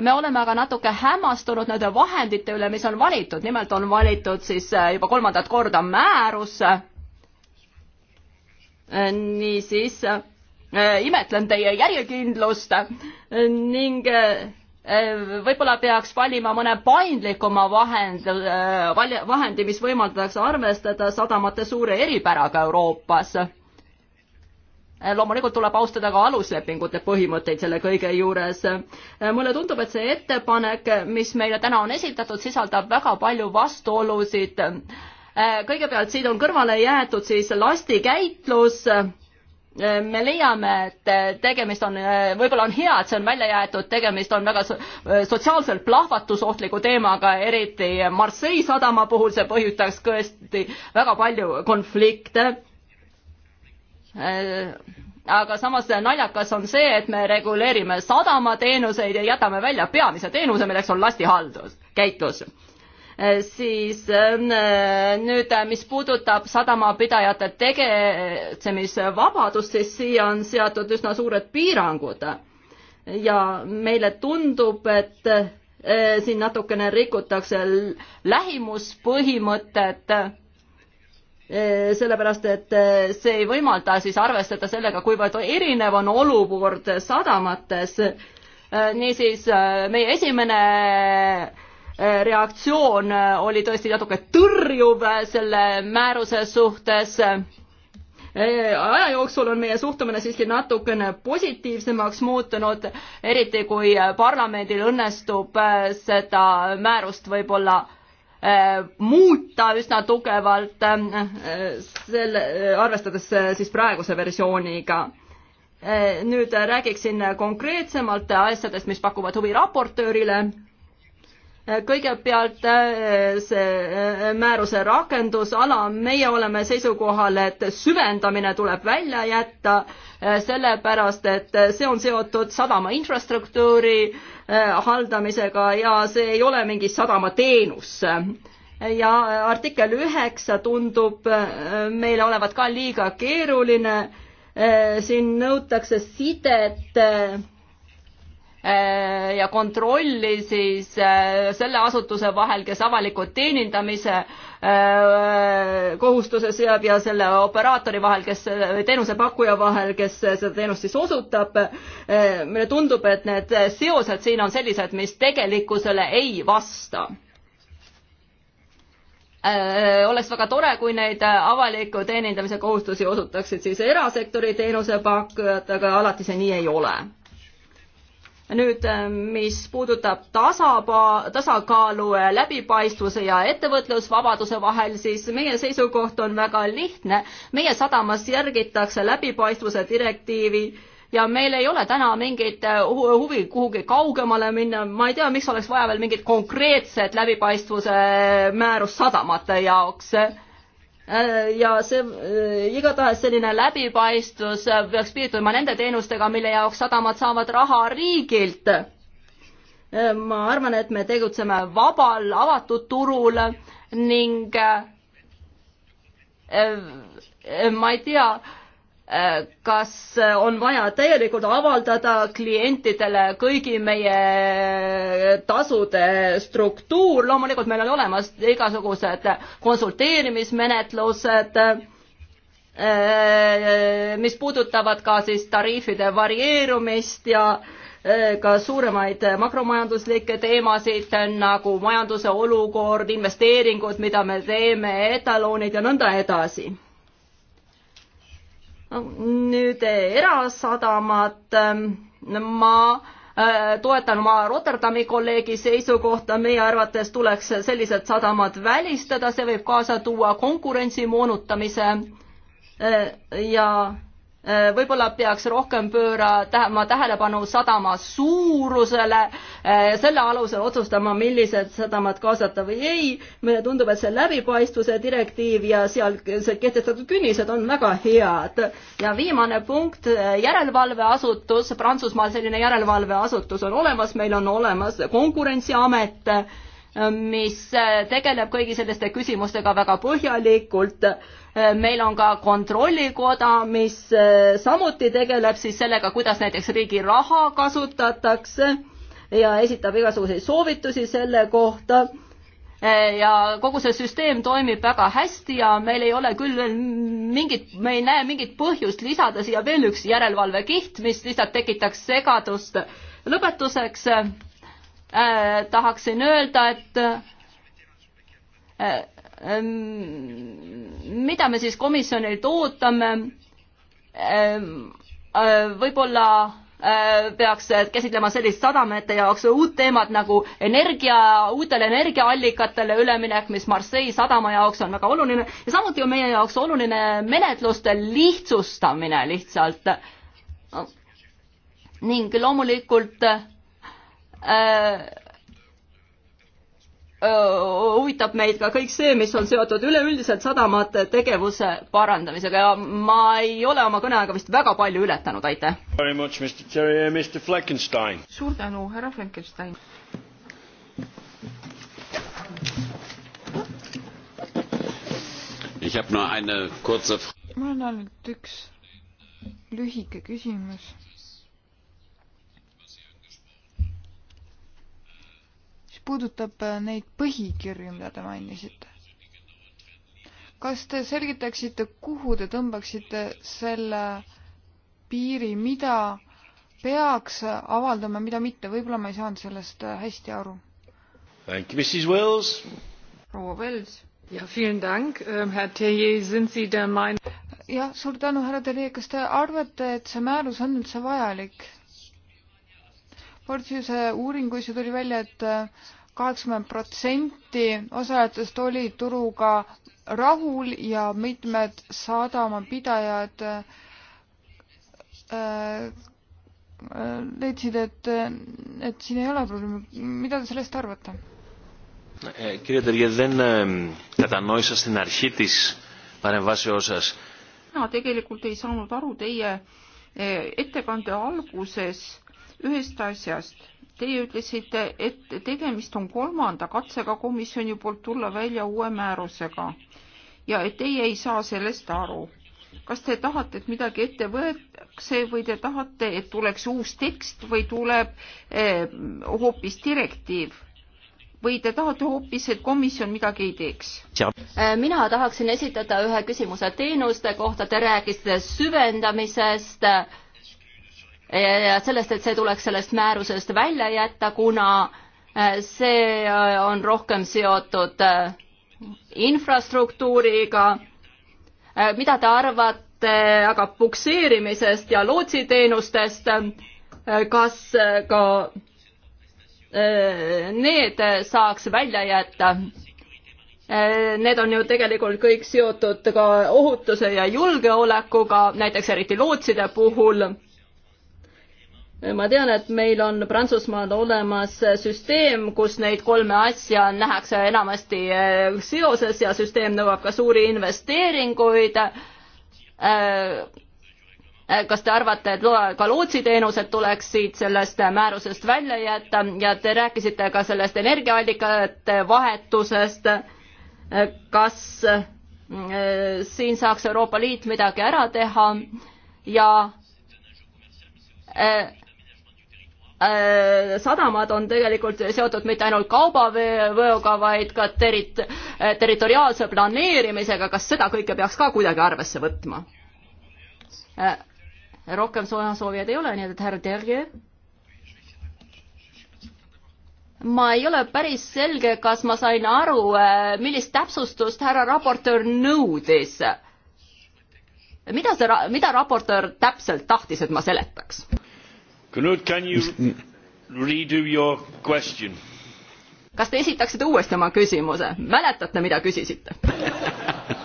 S1: me oleme aga natuke hämmastunud nende vahendite üle, mis on valitud, nimelt on valitud siis äh, juba kolmandat korda määrus. niisiis äh, imetlen teie järjekindlust ning äh, võib-olla peaks valima mõne paindlikuma vahend, vahendi, mis võimaldaks arvestada sadamate suure eripäraga Euroopas. Eh, loomulikult tuleb austada ka aluslepingute põhimõtteid selle kõige juures. Eh, mulle tundub, et see ettepanek, mis meile täna on esitatud, sisaldab väga palju vastuolusid. Eh, kõigepealt siin on kõrvale jäetud siis lastikäitlus me leiame, et tegemist on, võib-olla on hea, et see on välja jäetud, tegemist on väga sotsiaalselt plahvatusohtliku teemaga, eriti Marseille sadama puhul see põhjustaks tõesti väga palju konflikte. Äh, aga samas naljakas on see, et me reguleerime sadamateenuseid ja jätame välja peamise teenuse, milleks on lastihaldus, käitlus. Äh, siis ähm, äh, nüüd, mis puudutab sadamapidajate tegutsemisvabadust, siis siia on seatud üsna suured piirangud. ja meile tundub, et siin natukene rikutakse lähimuspõhimõtet Eh, sellepärast et eh, see ei võimalda siis arvestada sellega, kuivõrd erinev on olukord sadamates. Eh, niisiis meie esimene reaktsioon oli tõesti natuke tõrjuv selle määruse suhtes. aja jooksul on meie suhtumine siiski natukene positiivsemaks muutunud, eriti kui parlamendil õnnestub seda määrust võib-olla Äh, muuta üsna tugevalt äh, selle, arvestades äh, siis praeguse versiooniga nüüd räägiksin konkreetsemalt asjadest, mis pakuvad huvi raportöörile. kõigepealt see määruse rakendusala, meie oleme seisukohal, et süvendamine tuleb välja jätta, sellepärast et see on seotud sadama infrastruktuuri Äh, haldamisega ja see ei ole mingi sadamateenus. ja artikkel üheksa tundub äh, meile olevat ka liiga keeruline. Äh, siin nõutakse sidet Äh, ja kontrolli siis äh, selle asutuse vahel, kes avaliku teenindamise äh, kohustuse seab ja selle operaatori vahel, kes, teenusepakkuja vahel, kes seda teenust siis osutab. mulle tundub, et need seosed siin on sellised, mis tegelikkusele ei vasta oleks väga tore, kui neid avaliku teenindamise kohustusi osutaksid siis erasektori teenusepakkujad, aga alati see nii ei ole nüüd, äh, mis puudutab tasaba, tasakaalu äh, läbipaistvuse ja ettevõtlusvabaduse vahel, siis meie seisukoht on väga lihtne. meie sadamas järgitakse läbipaistvuse direktiivi ja meil ei ole täna mingit äh, huvi kuhugi kaugemale minna, ma ei tea, miks oleks vaja veel mingit konkreetset läbipaistvuse määrust sadamate jaoks Äh, ja see äh, igatahes selline läbipaistvus äh, peaks piirduma nende teenustega, mille jaoks sadamad saavad raha riigilt. ma arvan, et me tegutseme vabal, avatud turul ning ma ei tea, Äh, kas äh, on vaja täielikult avaldada klientidele kõigi meie äh, tasude struktuur, loomulikult meil on olemas igasugused konsulteerimismenetlused, mis puudutavad ka siis tariifide varieerumist ja ka suuremaid makromajanduslikke teemasid nagu majanduse olukord, investeeringud, mida me teeme, etaloonid ja nõnda edasi nüüd eh, erasadamad, ehm, ma eh, toetan oma Rotterdami kolleegi seisukohta, meie arvates tuleks sellised sadamad välistada, see võib kaasa tuua konkurentsi moonutamise eh, ja Äh, võib-olla peaks rohkem pöörama tähelepanu sadama suurusele, äh, selle alusel otsustama, millised sadamad kaasata või ei. mulle tundub, et see läbipaistvuse direktiiv ja seal kehtestatud künnised on väga head. ja viimane punkt, äh, järelevalveasutus, Prantsusmaal selline järelevalveasutus on olemas, meil on olemas Konkurentsiamet mis tegeleb kõigi selliste küsimustega väga põhjalikult Äh, meil on ka kontrollikoda, mis äh, samuti tegeleb siis sellega, kuidas näiteks riigi raha kasutatakse ja esitab igasuguseid soovitusi selle kohta. Äh, ja kogu see süsteem toimib väga hästi ja meil ei ole küll veel mingit, me ei näe mingit põhjust lisada siia veel üks järelevalvekiht, mis lihtsalt tekitaks segadust. lõpetuseks äh, tahaksin öelda, et äh, Ehm, mida me siis komisjonilt ootame? Ehm, äh, võib-olla äh, peaks käsitlema sellist sadamate jaoks uut teemat nagu energia, uutele energiaallikatele üleminek, mis Marseille sadama jaoks on väga oluline ja samuti on meie jaoks oluline menetluste lihtsustamine lihtsalt. ning loomulikult äh, huvitab meid ka kõik see, mis on seotud üleüldiselt sadamate tegevuse parandamisega ja ma ei ole oma kõneaega vist väga palju ületanud, aitäh. suur tänu, härra Fleckenstein.
S3: mul on ainult üks lühike küsimus puudutab äh, neid põhikirju, mida te mainisite. kas te selgitaksite, kuhu te tõmbaksite selle piiri, mida peaks avaldama, mida mitte, võib-olla ma ei saanud sellest äh, hästi aru. proua Vels. jah, ähm, suur tänu, härra Terje, kas te arvate, et see määrus on üldse vajalik? Portsjuse uuringus ju tuli välja, et äh, kaheksakümmend protsenti osalejatest oli turuga rahul ja mitmed sadamapidajad äh, leidsid, et, et siin ei ole probleemi. mida te sellest arvate?
S2: Eh, κύριε Τεριέ, δεν κατανόησα στην αρχή της
S4: παρεμβάσεώς σας. Mina tegelikult ei saanud aru teie ettekande alguses ühest asjast Teie ütlesite, et tegemist on kolmanda katsega komisjoni poolt tulla välja uue määrusega ja et teie ei saa sellest aru. kas te tahate, et midagi ette võetakse või te tahate, et tuleks uus tekst või tuleb eh, hoopis direktiiv?
S1: või te tahate hoopis, et komisjon midagi ei teeks? Eh, mina tahaksin esitada ühe küsimuse teenuste kohta, te rääkisite süvendamisest äh, ja sellest, et see tuleks sellest määrusest välja jätta, kuna äh, see äh, on rohkem seotud äh, infrastruktuuriga. mida te arvate aga pukseerimisest ja lootsiteenustest, kas ka need saaks välja jätta? Need on ju tegelikult kõik seotud ka ohutuse ja julgeolekuga, näiteks eriti lootside puhul ma tean, et meil on Prantsusmaal olemas süsteem, kus neid kolme asja nähakse enamasti äh, seoses ja süsteem nõuab ka suuri investeeringuid. Äh, äh, kas te arvate, et ka lootsiteenused tuleks siit sellest määrusest välja jätta ja te rääkisite ka sellest energiaallikate vahetusest. kas siin saaks Euroopa Liit midagi ära teha ja Äh, sadamad on tegelikult seotud mitte ainult kaubaveoga, vaid ka terit-, äh, territoriaalse planeerimisega, kas seda kõike peaks ka kuidagi arvesse võtma? Äh, rohkem sõnasoovijaid ei ole, nii et härra Terje. ma ei ole päris selge, kas ma sain aru, millist täpsustust härra raportöör nõudis. mida see, mida raportöör täpselt tahtis, et ma seletaks?
S2: Knut, can you redo your question?
S1: kas te esitaksite uuesti oma küsimuse? mäletate, mida küsisite?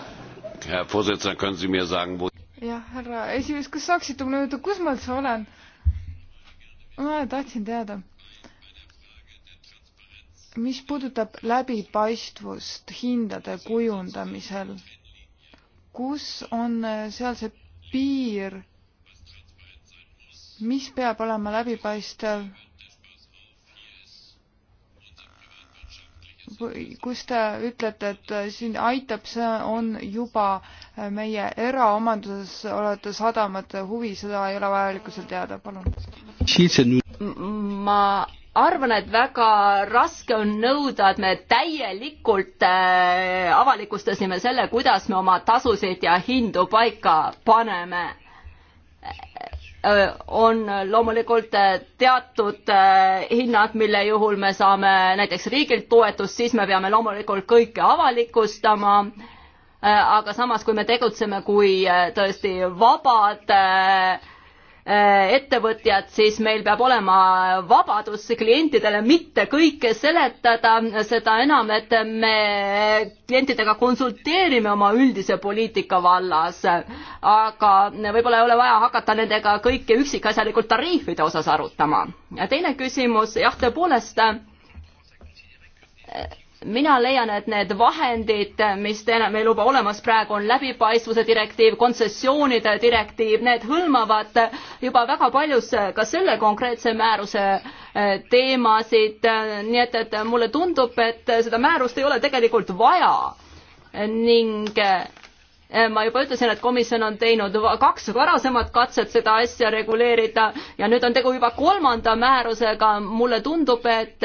S3: jah, härra esimees, kas saaksite mulle öelda, kus ma üldse olen? ma tahtsin teada. mis puudutab läbipaistvust hindade kujundamisel, kus on seal see piir mis peab olema läbipaistev, kus te ütlete, et siin aitab, see on juba meie eraomanduses olevate sadamate huvi, seda ei ole vajalikkusel teada, palun.
S1: ma arvan, et väga raske on nõuda, et me täielikult äh, avalikustasime selle, kuidas me oma tasusid ja hindu paika paneme Äh, on loomulikult äh, teatud äh, hinnad, mille juhul me saame näiteks riigilt toetust, siis me peame loomulikult kõike avalikustama aga samas, kui me tegutseme kui tõesti vabad äh, Äh, ettevõtjad, siis meil peab olema vabadus klientidele mitte kõike seletada, seda enam, et me klientidega konsulteerime oma üldise poliitika vallas. aga võib-olla ei ole vaja hakata nendega kõike üksikasjalikult tariifide osas arutama. ja teine küsimus, jah, tõepoolest mina leian, et need vahendid, mis meil juba olemas praegu on, läbipaistvuse direktiiv, kontsessioonide direktiiv, need hõlmavad juba väga paljus ka selle konkreetse määruse eh, teemasid, nii et, et mulle tundub, et seda määrust ei ole tegelikult vaja ning eh, ma juba ütlesin, et komisjon on teinud kaks varasemat katset seda asja reguleerida ja nüüd on tegu juba kolmanda määrusega, mulle tundub, et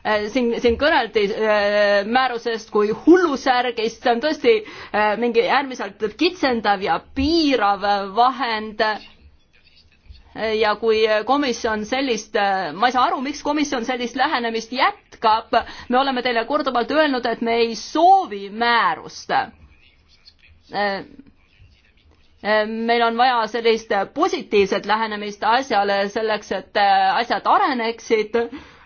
S1: Äh, siin, siin kõneldi äh, määrusest kui hullusärgist, see on tõesti äh, mingi äärmiselt kitsendav ja piirav vahend. ja kui komisjon sellist, ma ei saa aru, miks komisjon sellist lähenemist jätkab, me oleme teile korduvalt öelnud, et me ei soovi määrust meil on vaja sellist positiivset lähenemist asjale selleks, et asjad areneksid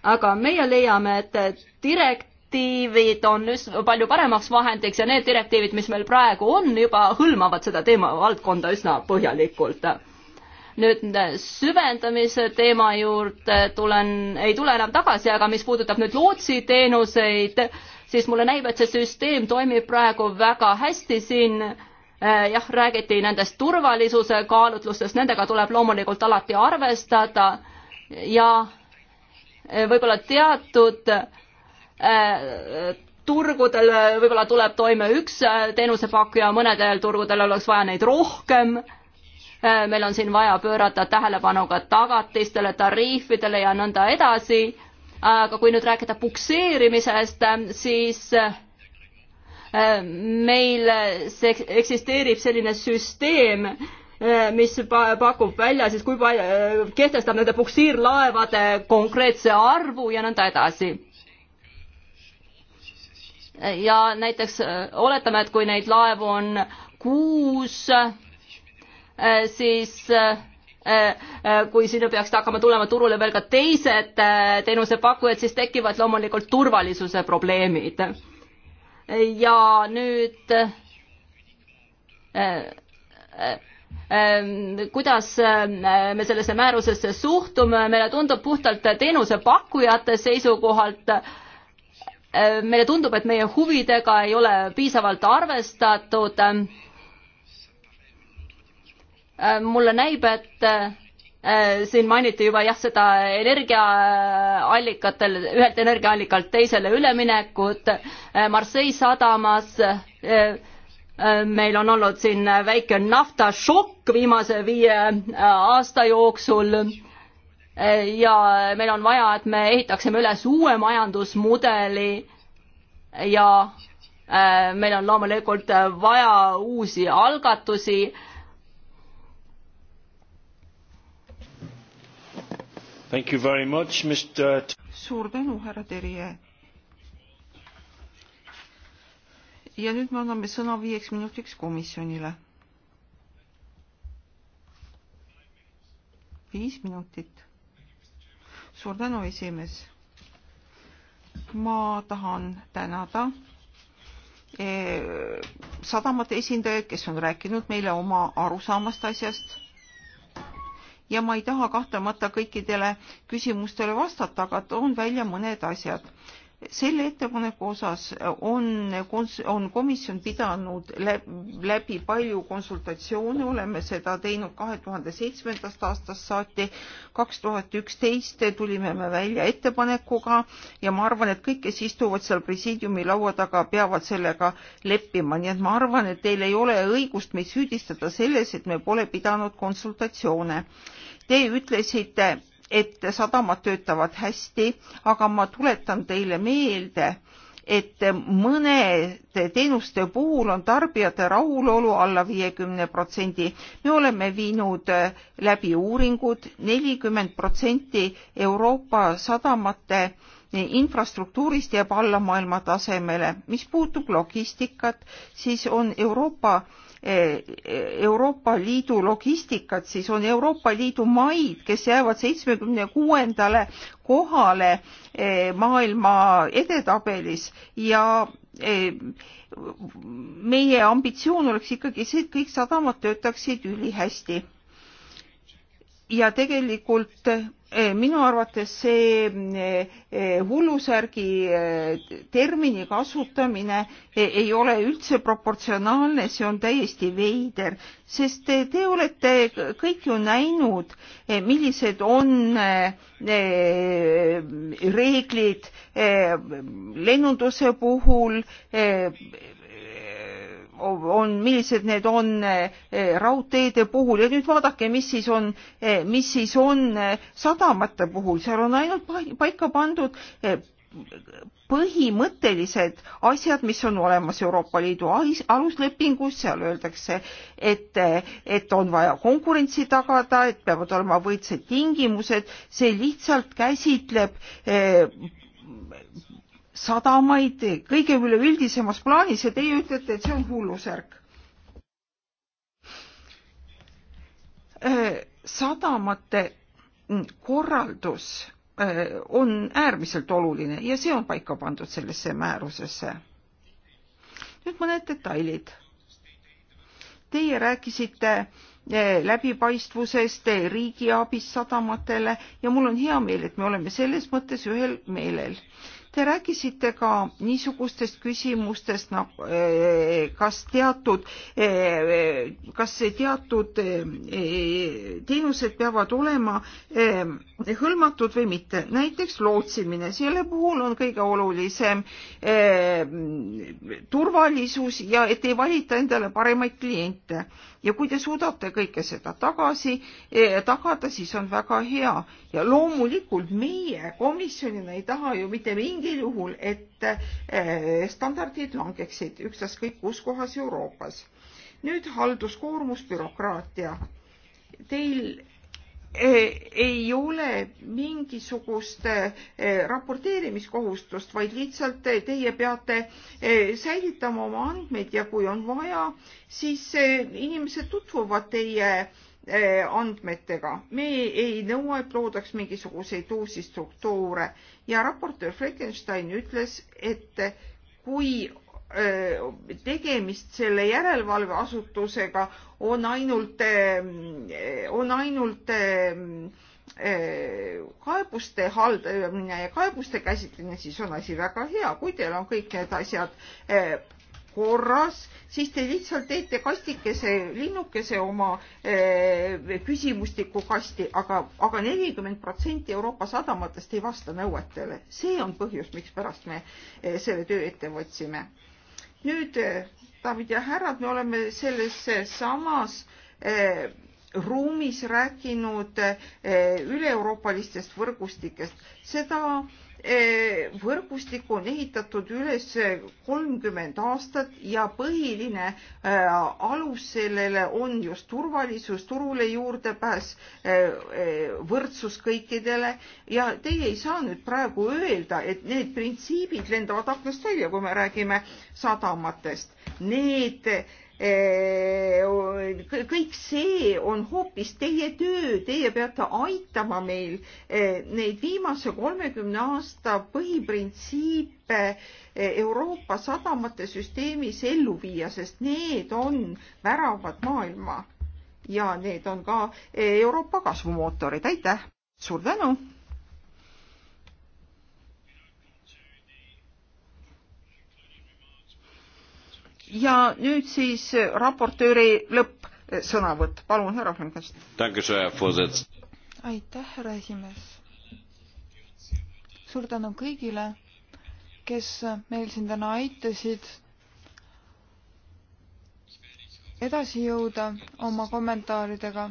S1: aga meie leiame, et direktiivid on üsna palju paremaks vahendiks ja need direktiivid, mis meil praegu on, juba hõlmavad seda teemavaldkonda üsna põhjalikult nüüd süvendamise teema juurde tulen, ei tule enam tagasi, aga mis puudutab nüüd lootsiteenuseid, siis mulle näib, et see süsteem toimib praegu väga hästi siin eh, jah, räägiti nendest turvalisuse kaalutlustest, nendega tuleb loomulikult alati arvestada ja võib-olla teatud äh, turgudel äh, võib-olla tuleb toime üks äh, teenusepakkuja, mõnedel turgudel oleks vaja neid rohkem. meil on siin vaja pöörata tähelepanu ka tagatistele, tariifidele ja nõnda edasi. aga kui nüüd rääkida pukseerimisest, siis meil see eksisteerib selline süsteem, Eh, mis pakub välja siis, kui palju, eh, kehtestab nende puksiirlaevade konkreetse arvu ja nõnda edasi ja näiteks eh, oletame, et kui neid laevu on kuus, siis kui sinna peaksid hakkama tulema turule veel ka teised teenusepakkujad, siis tekivad loomulikult turvalisuse probleemid. ja nüüd Ähm, kuidas ähm, me sellesse määrusesse suhtume, meile tundub puhtalt teenusepakkujate seisukohalt, äh, meile tundub, et meie huvidega ei ole piisavalt arvestatud. Ähm, äh, mulle näib, et äh, siin mainiti juba jah, seda energiaallikatel, ühelt energiaallikalt teisele üleminekut Marseille sadamas Äh, meil on olnud siin äh, väike naftašokk viimase viie äh, aasta jooksul ja meil on vaja, et me ehitaksime üles uue majandusmudeli ja meil on loomulikult vaja uusi algatusi.
S4: suur tänu, härra Terje ja nüüd me anname sõna viieks minutiks komisjonile. viis minutit. suur tänu, esimees. ma tahan tänada eh, sadamate esindajaid, kes on rääkinud meile oma arusaamast asjast. ja ma ei taha kahtlemata kõikidele küsimustele vastata, aga toon välja mõned asjad selle ettepaneku osas on, on komisjon pidanud läbi palju konsultatsioone, oleme seda teinud kahe tuhande seitsmendast aastast saati. kaks tuhat üksteist tulime me välja ettepanekuga ja ma arvan, et kõik, kes istuvad seal presiidiumi laua taga, peavad sellega leppima, nii et ma arvan, et teil ei ole õigust meid süüdistada selles, et me pole pidanud konsultatsioone. Te ütlesite et sadamad töötavad hästi, aga ma tuletan teile meelde, et mõnede teenuste puhul on tarbijate rahulolu alla viiekümne protsendi. me oleme viinud läbi uuringud, nelikümmend protsenti Euroopa sadamate infrastruktuurist jääb alla maailma tasemele. mis puutub logistikat, siis on Euroopa Eh, Euroopa Liidu logistikat, siis on Euroopa Liidu maid, kes jäävad seitsmekümne kuuendale kohale eh, maailma edetabelis ja eh, meie ambitsioon oleks ikkagi see, et kõik sadamad töötaksid ülihästi ja tegelikult eh, minu arvates see eh, eh, hullusärgi termini kasutamine ei ole üldse proportsionaalne, see on täiesti veider, sest te, te olete kõik ju näinud, millised on reeglid lennunduse puhul on, millised need on eh, eh, raudteede puhul ja nüüd vaadake, mis siis on, eh, mis siis on sadamate puhul, seal on ainult paika pandud põhimõttelised asjad, mis on olemas Euroopa Liidu aluslepingus, seal öeldakse, et, et on vaja konkurentsi tagada, et peavad olema võrdsed tingimused, see lihtsalt käsitleb eh, sadamaid kõige üleüldisemas plaanis ja teie ütlete, et see on hullusärk. Äh, sadamate korraldus äh, on äärmiselt oluline ja see on paika pandud sellesse määrusesse. nüüd mõned detailid. Teie rääkisite äh, läbipaistvusest, riigiabist sadamatele ja mul on hea meel, et me oleme selles mõttes ühel meelel. Te rääkisite ka niisugustest küsimustest nagu eh, kas teatud, eh, kas teatud eh, teenused peavad olema hõlmatud või mitte. näiteks lootsimine, selle puhul on kõige olulisem turvalisus ja et ei valita endale paremaid kliente. ja kui te suudate kõike seda tagasi tagada, siis on väga hea ja loomulikult meie komisjonina ei taha ju mitte mingit mingil juhul, et eh, standardid langeksid ükstaskõik kus kohas Euroopas. nüüd halduskoormus, bürokraatia. Teil eh, ei ole mingisugust eh, raporteerimiskohustust, vaid lihtsalt teie peate säilitama oma andmeid ja kui on vaja, siis inimesed tutvuvad teie Eh, andmetega. me ei nõua, et loodaks mingisuguseid uusi struktuure ja raportöör Fleckenstein ütles, et kui eh, tegemist selle järelevalveasutusega on ainult, eh, on ainult kaebuste haldamine ja kaebuste käsitlemine, siis on asi väga hea, kui teil on kõik need asjad korras, siis te lihtsalt teete kastikese, linnukese oma ee, eh, küsimustiku kasti aga, aga, aga, aga nelikümmend protsenti Euroopa sadamatest ei vasta nõuetele. see on põhjus, mikspärast me ee, eh, selle töö ette võtsime. nüüd, eh, daamid ja härrad, me oleme selles samas ee, ruumis rääkinud üle-euroopalistest võrgustikest. seda Eh, võrgustik on ehitatud üles kolmkümmend aastat ja põhiline eh, alus sellele on just turvalisus, turule juurdepääs, eh, võrdsus kõikidele ja teie ei saa nüüd praegu öelda, et need printsiibid lendavad aknast välja, kui me räägime sadamatest. Need Eh, kõik see on hoopis teie töö, teie peate aitama meil eh, neid viimase kolmekümne aasta põhiprintsiipe eh, Euroopa sadamate süsteemis ellu viia, sest need on väravad maailma ja need on ka Euroopa kasvumootorid, aitäh! suur tänu! ja nüüd siis raportööri lõppsõnavõtt, palun, härra
S5: Frankenstein.
S3: aitäh, härra esimees. suur tänu kõigile, kes meil siin täna aitasid edasi jõuda oma kommentaaridega.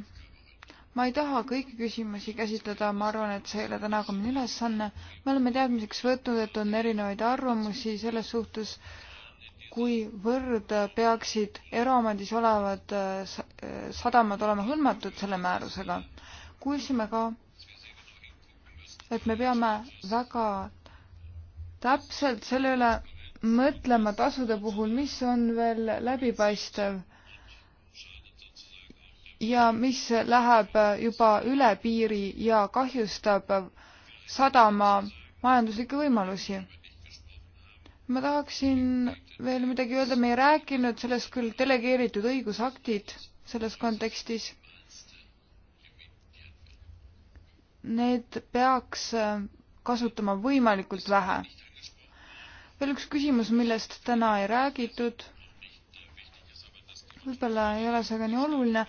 S3: ma ei taha kõiki küsimusi käsitleda, ma arvan, et see ei ole täna ka minu ülesanne. me oleme teadmiseks võtnud, et on erinevaid arvamusi selles suhtes, kuivõrd peaksid eraomandis olevad äh, äh, sadamad olema hõlmatud selle määrusega. kuulsime ka, et me peame väga täpselt selle üle mõtlema tasude puhul, mis on veel läbipaistev ja mis läheb juba üle piiri ja kahjustab sadama majanduslikke võimalusi ma tahaksin veel midagi öelda, me ei rääkinud sellest küll delegeeritud õigusaktid selles kontekstis. Need peaks äh, kasutama võimalikult vähe. veel üks küsimus, millest täna ei räägitud. võib-olla ei ole see ka nii oluline,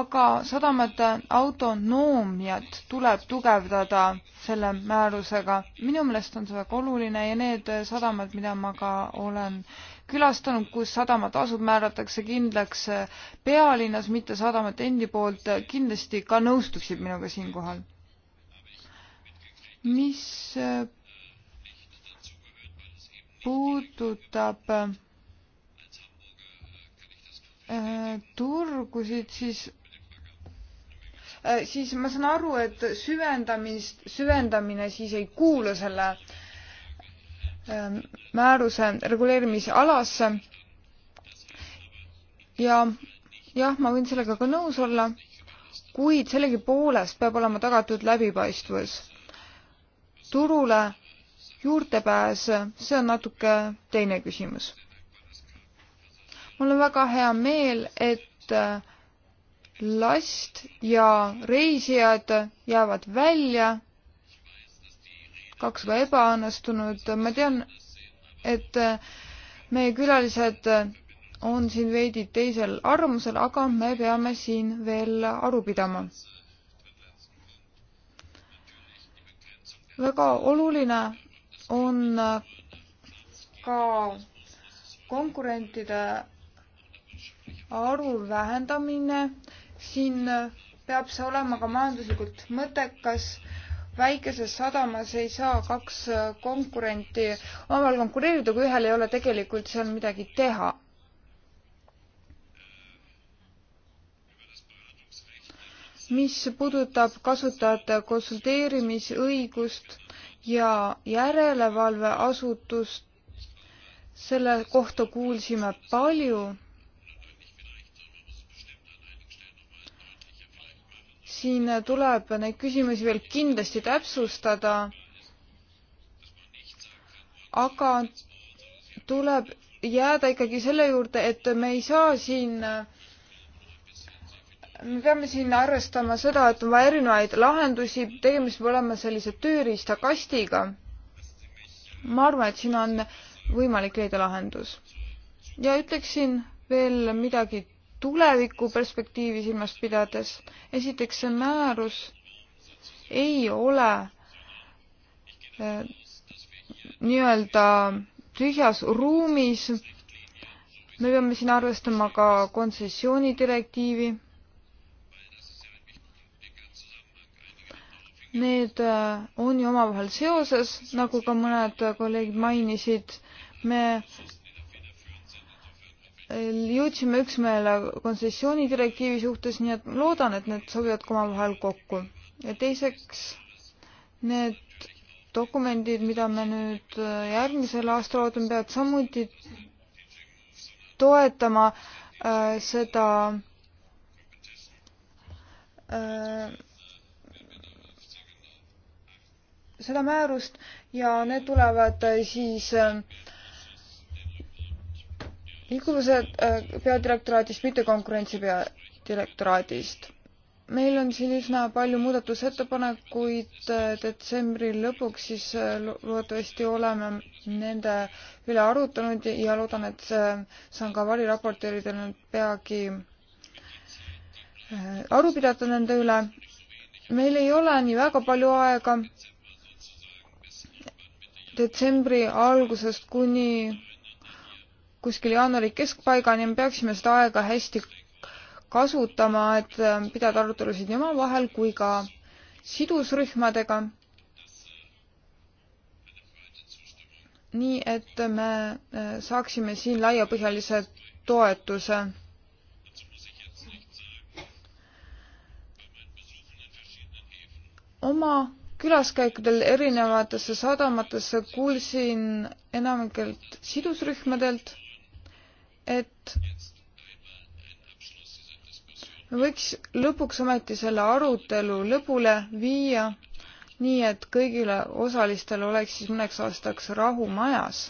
S3: aga sadamate autonoomiat tuleb tugevdada selle määrusega. minu meelest on see väga oluline ja need sadamad, mida ma ka olen külastanud, kus sadamad asub, määratakse kindlaks pealinnas, mitte sadamate endi poolt, kindlasti ka nõustuksid minuga siinkohal. mis puudutab äh, turgusid, siis Äh, siis ma saan aru, et süvendamist, süvendamine siis ei kuulu selle ähm, määruse reguleerimisalasse. ja jah, ma võin sellega ka nõus olla, kuid sellegipoolest peab olema tagatud läbipaistvus. turule juurdepääs, see on natuke teine küsimus. mul on väga hea meel, et äh, last ja reisijad jäävad välja. kaks väga ebaõnnestunud. ma tean, et meie külalised on siin veidi teisel arvamusel, aga me peame siin veel aru pidama. väga oluline on ka konkurentide arvu vähendamine siin peab see olema ka majanduslikult mõttekas. väikeses sadamas ei saa kaks konkurenti omavahel konkureerida, kui ühel ei ole tegelikult seal midagi teha. mis puudutab kasutajate konsulteerimisõigust ja järelevalveasutust, selle kohta kuulsime palju siin tuleb neid küsimusi veel kindlasti täpsustada, aga tuleb jääda ikkagi selle juurde, et me ei saa siin, me peame siin arvestama seda, et on vaja erinevaid lahendusi, tegemist peab olema sellise tööriistakastiga. ma arvan, et siin on võimalik leida lahendus. ja ütleksin veel midagi tulevikuperspektiivi silmas pidades. esiteks, see määrus ei ole äh, nii-öelda tühjas ruumis. me peame siin arvestama ka kontsessioonidirektiivi. Need äh, on ju omavahel seoses, nagu ka mõned kolleegid mainisid. me jõudsime üksmeele kontsessioonidirektiivi suhtes, nii et loodan, et need sobivad ka omavahel kokku. ja teiseks, need dokumendid, mida me nüüd äh, järgmisel aastal ootame, peavad samuti toetama äh, seda äh, seda määrust ja need tulevad äh, siis äh, liikuvuse äh, peadirektoraadist, mitte konkurentsi peadirektoraadist. meil on siin üsna palju muudatusettepanekuid äh, detsembri lõpuks, siis äh, loodetavasti oleme nende üle arutanud ja loodan, et saan ka variraportööridel nüüd peagi aru pidada nende üle. meil ei ole nii väga palju aega detsembri algusest kuni kuskil jaanuari keskpaigani, me peaksime seda aega hästi kasutama, et äh, pidada arutelusid nii omavahel kui ka sidusrühmadega. nii et me äh, saaksime siin laiapõhjalise toetuse oma külaskäikudel erinevatesse sadamatesse kuulsin enamikelt sidusrühmadelt, et võiks lõpuks ometi selle arutelu lõpule viia nii, et kõigile osalistele oleks siis mõneks aastaks rahu majas.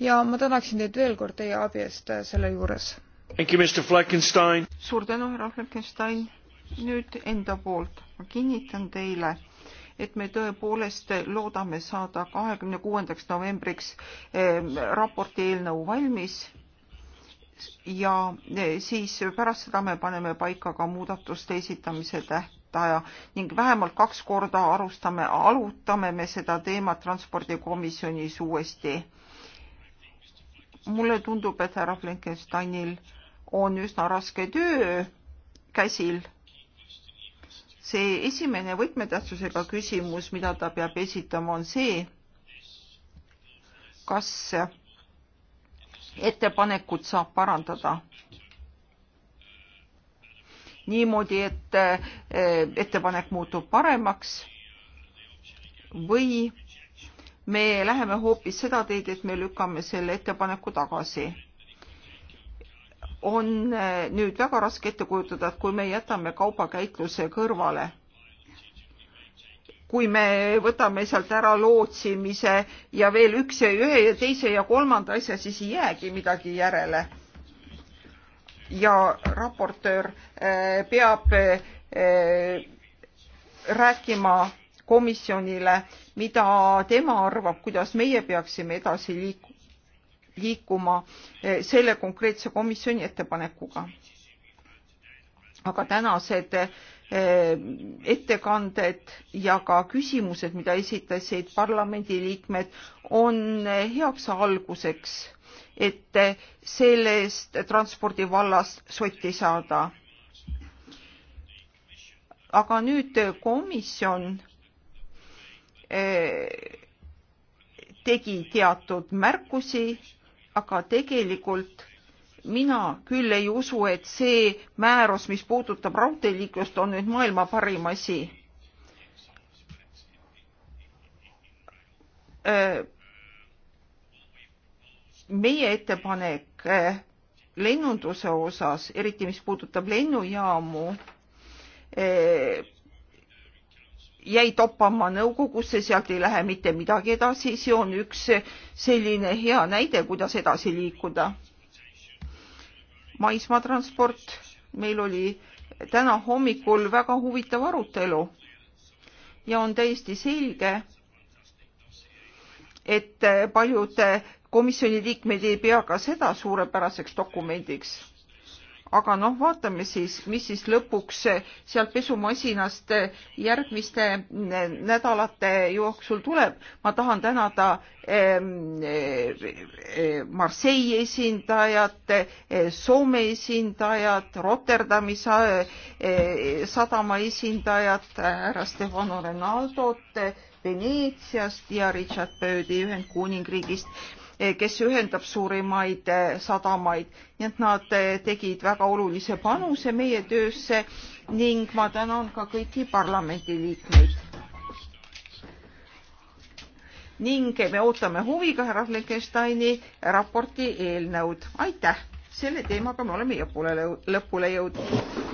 S3: ja ma tänaksin teid veel kord teie abi eest selle juures.
S4: suur tänu, härra Fleckenstein. nüüd enda poolt ma kinnitan teile, et me tõepoolest loodame saada kahekümne kuuendaks novembriks eh, raporti eelnõu valmis ja e, siis pärast seda me paneme paika ka muudatuste esitamise tähtaja ning vähemalt kaks korda arustame, arutame me seda teemat transpordikomisjonis uuesti. mulle tundub, et härra Flinkensteinil on üsna raske töö käsil. see esimene võtmetähtsusega küsimus, mida ta peab esitama, on see, kas ettepanekut saab parandada niimoodi, et eh, ettepanek muutub paremaks või me läheme hoopis seda teed, et me lükkame selle ettepaneku tagasi. on eh, nüüd väga raske ette kujutada, et kui me jätame kaubakäitluse kõrvale kui me võtame sealt ära lootsimise ja veel üks ja ühe ja teise ja kolmanda asja, siis ei jäägi midagi järele. ja raportöör eh, peab eh, rääkima komisjonile, mida tema arvab, kuidas meie peaksime edasi liik-, liikuma eh, selle konkreetse komisjoni ettepanekuga. aga tänased et Eh, ettekanded ja ka küsimused, mida esitasid parlamendiliikmed, on heaks alguseks, et sellest transpordi vallast sotti saada. aga nüüd komisjon eh, tegi teatud märkusi, aga tegelikult mina küll ei usu, et see määrus, mis puudutab raudteeliiklust, on nüüd maailma parim asi. Äh, meie ettepanek äh, lennunduse osas, eriti mis puudutab lennujaamu, äh, jäi toppama nõukogusse, sealt ei lähe mitte midagi edasi, see on üks selline hea näide, kuidas edasi liikuda maismaatransport, meil oli täna hommikul väga huvitav arutelu ja on täiesti selge, et paljud komisjoni liikmed ei pea ka seda suurepäraseks dokumendiks aga noh, vaatame siis, mis siis lõpuks sealt pesumasinast järgmiste nädalate jooksul tuleb. ma tahan tänada ehm, ehm, Marseille esindajat, ehm, Soome esindajat, Rotterdami sadama esindajat, härra Stefano Renaldot Veneetsiast ja Richard Birdi Ühendkuningriigist Eh, kes ühendab suurimaid eh, sadamaid, nii et nad eh, tegid väga olulise panuse meie töösse ning ma tänan ka kõiki parlamendiliikmeid. ning me ootame huviga härra Fleckensteini raporti eelnõud. aitäh, selle teemaga me oleme lõpule, lõpule jõudnud.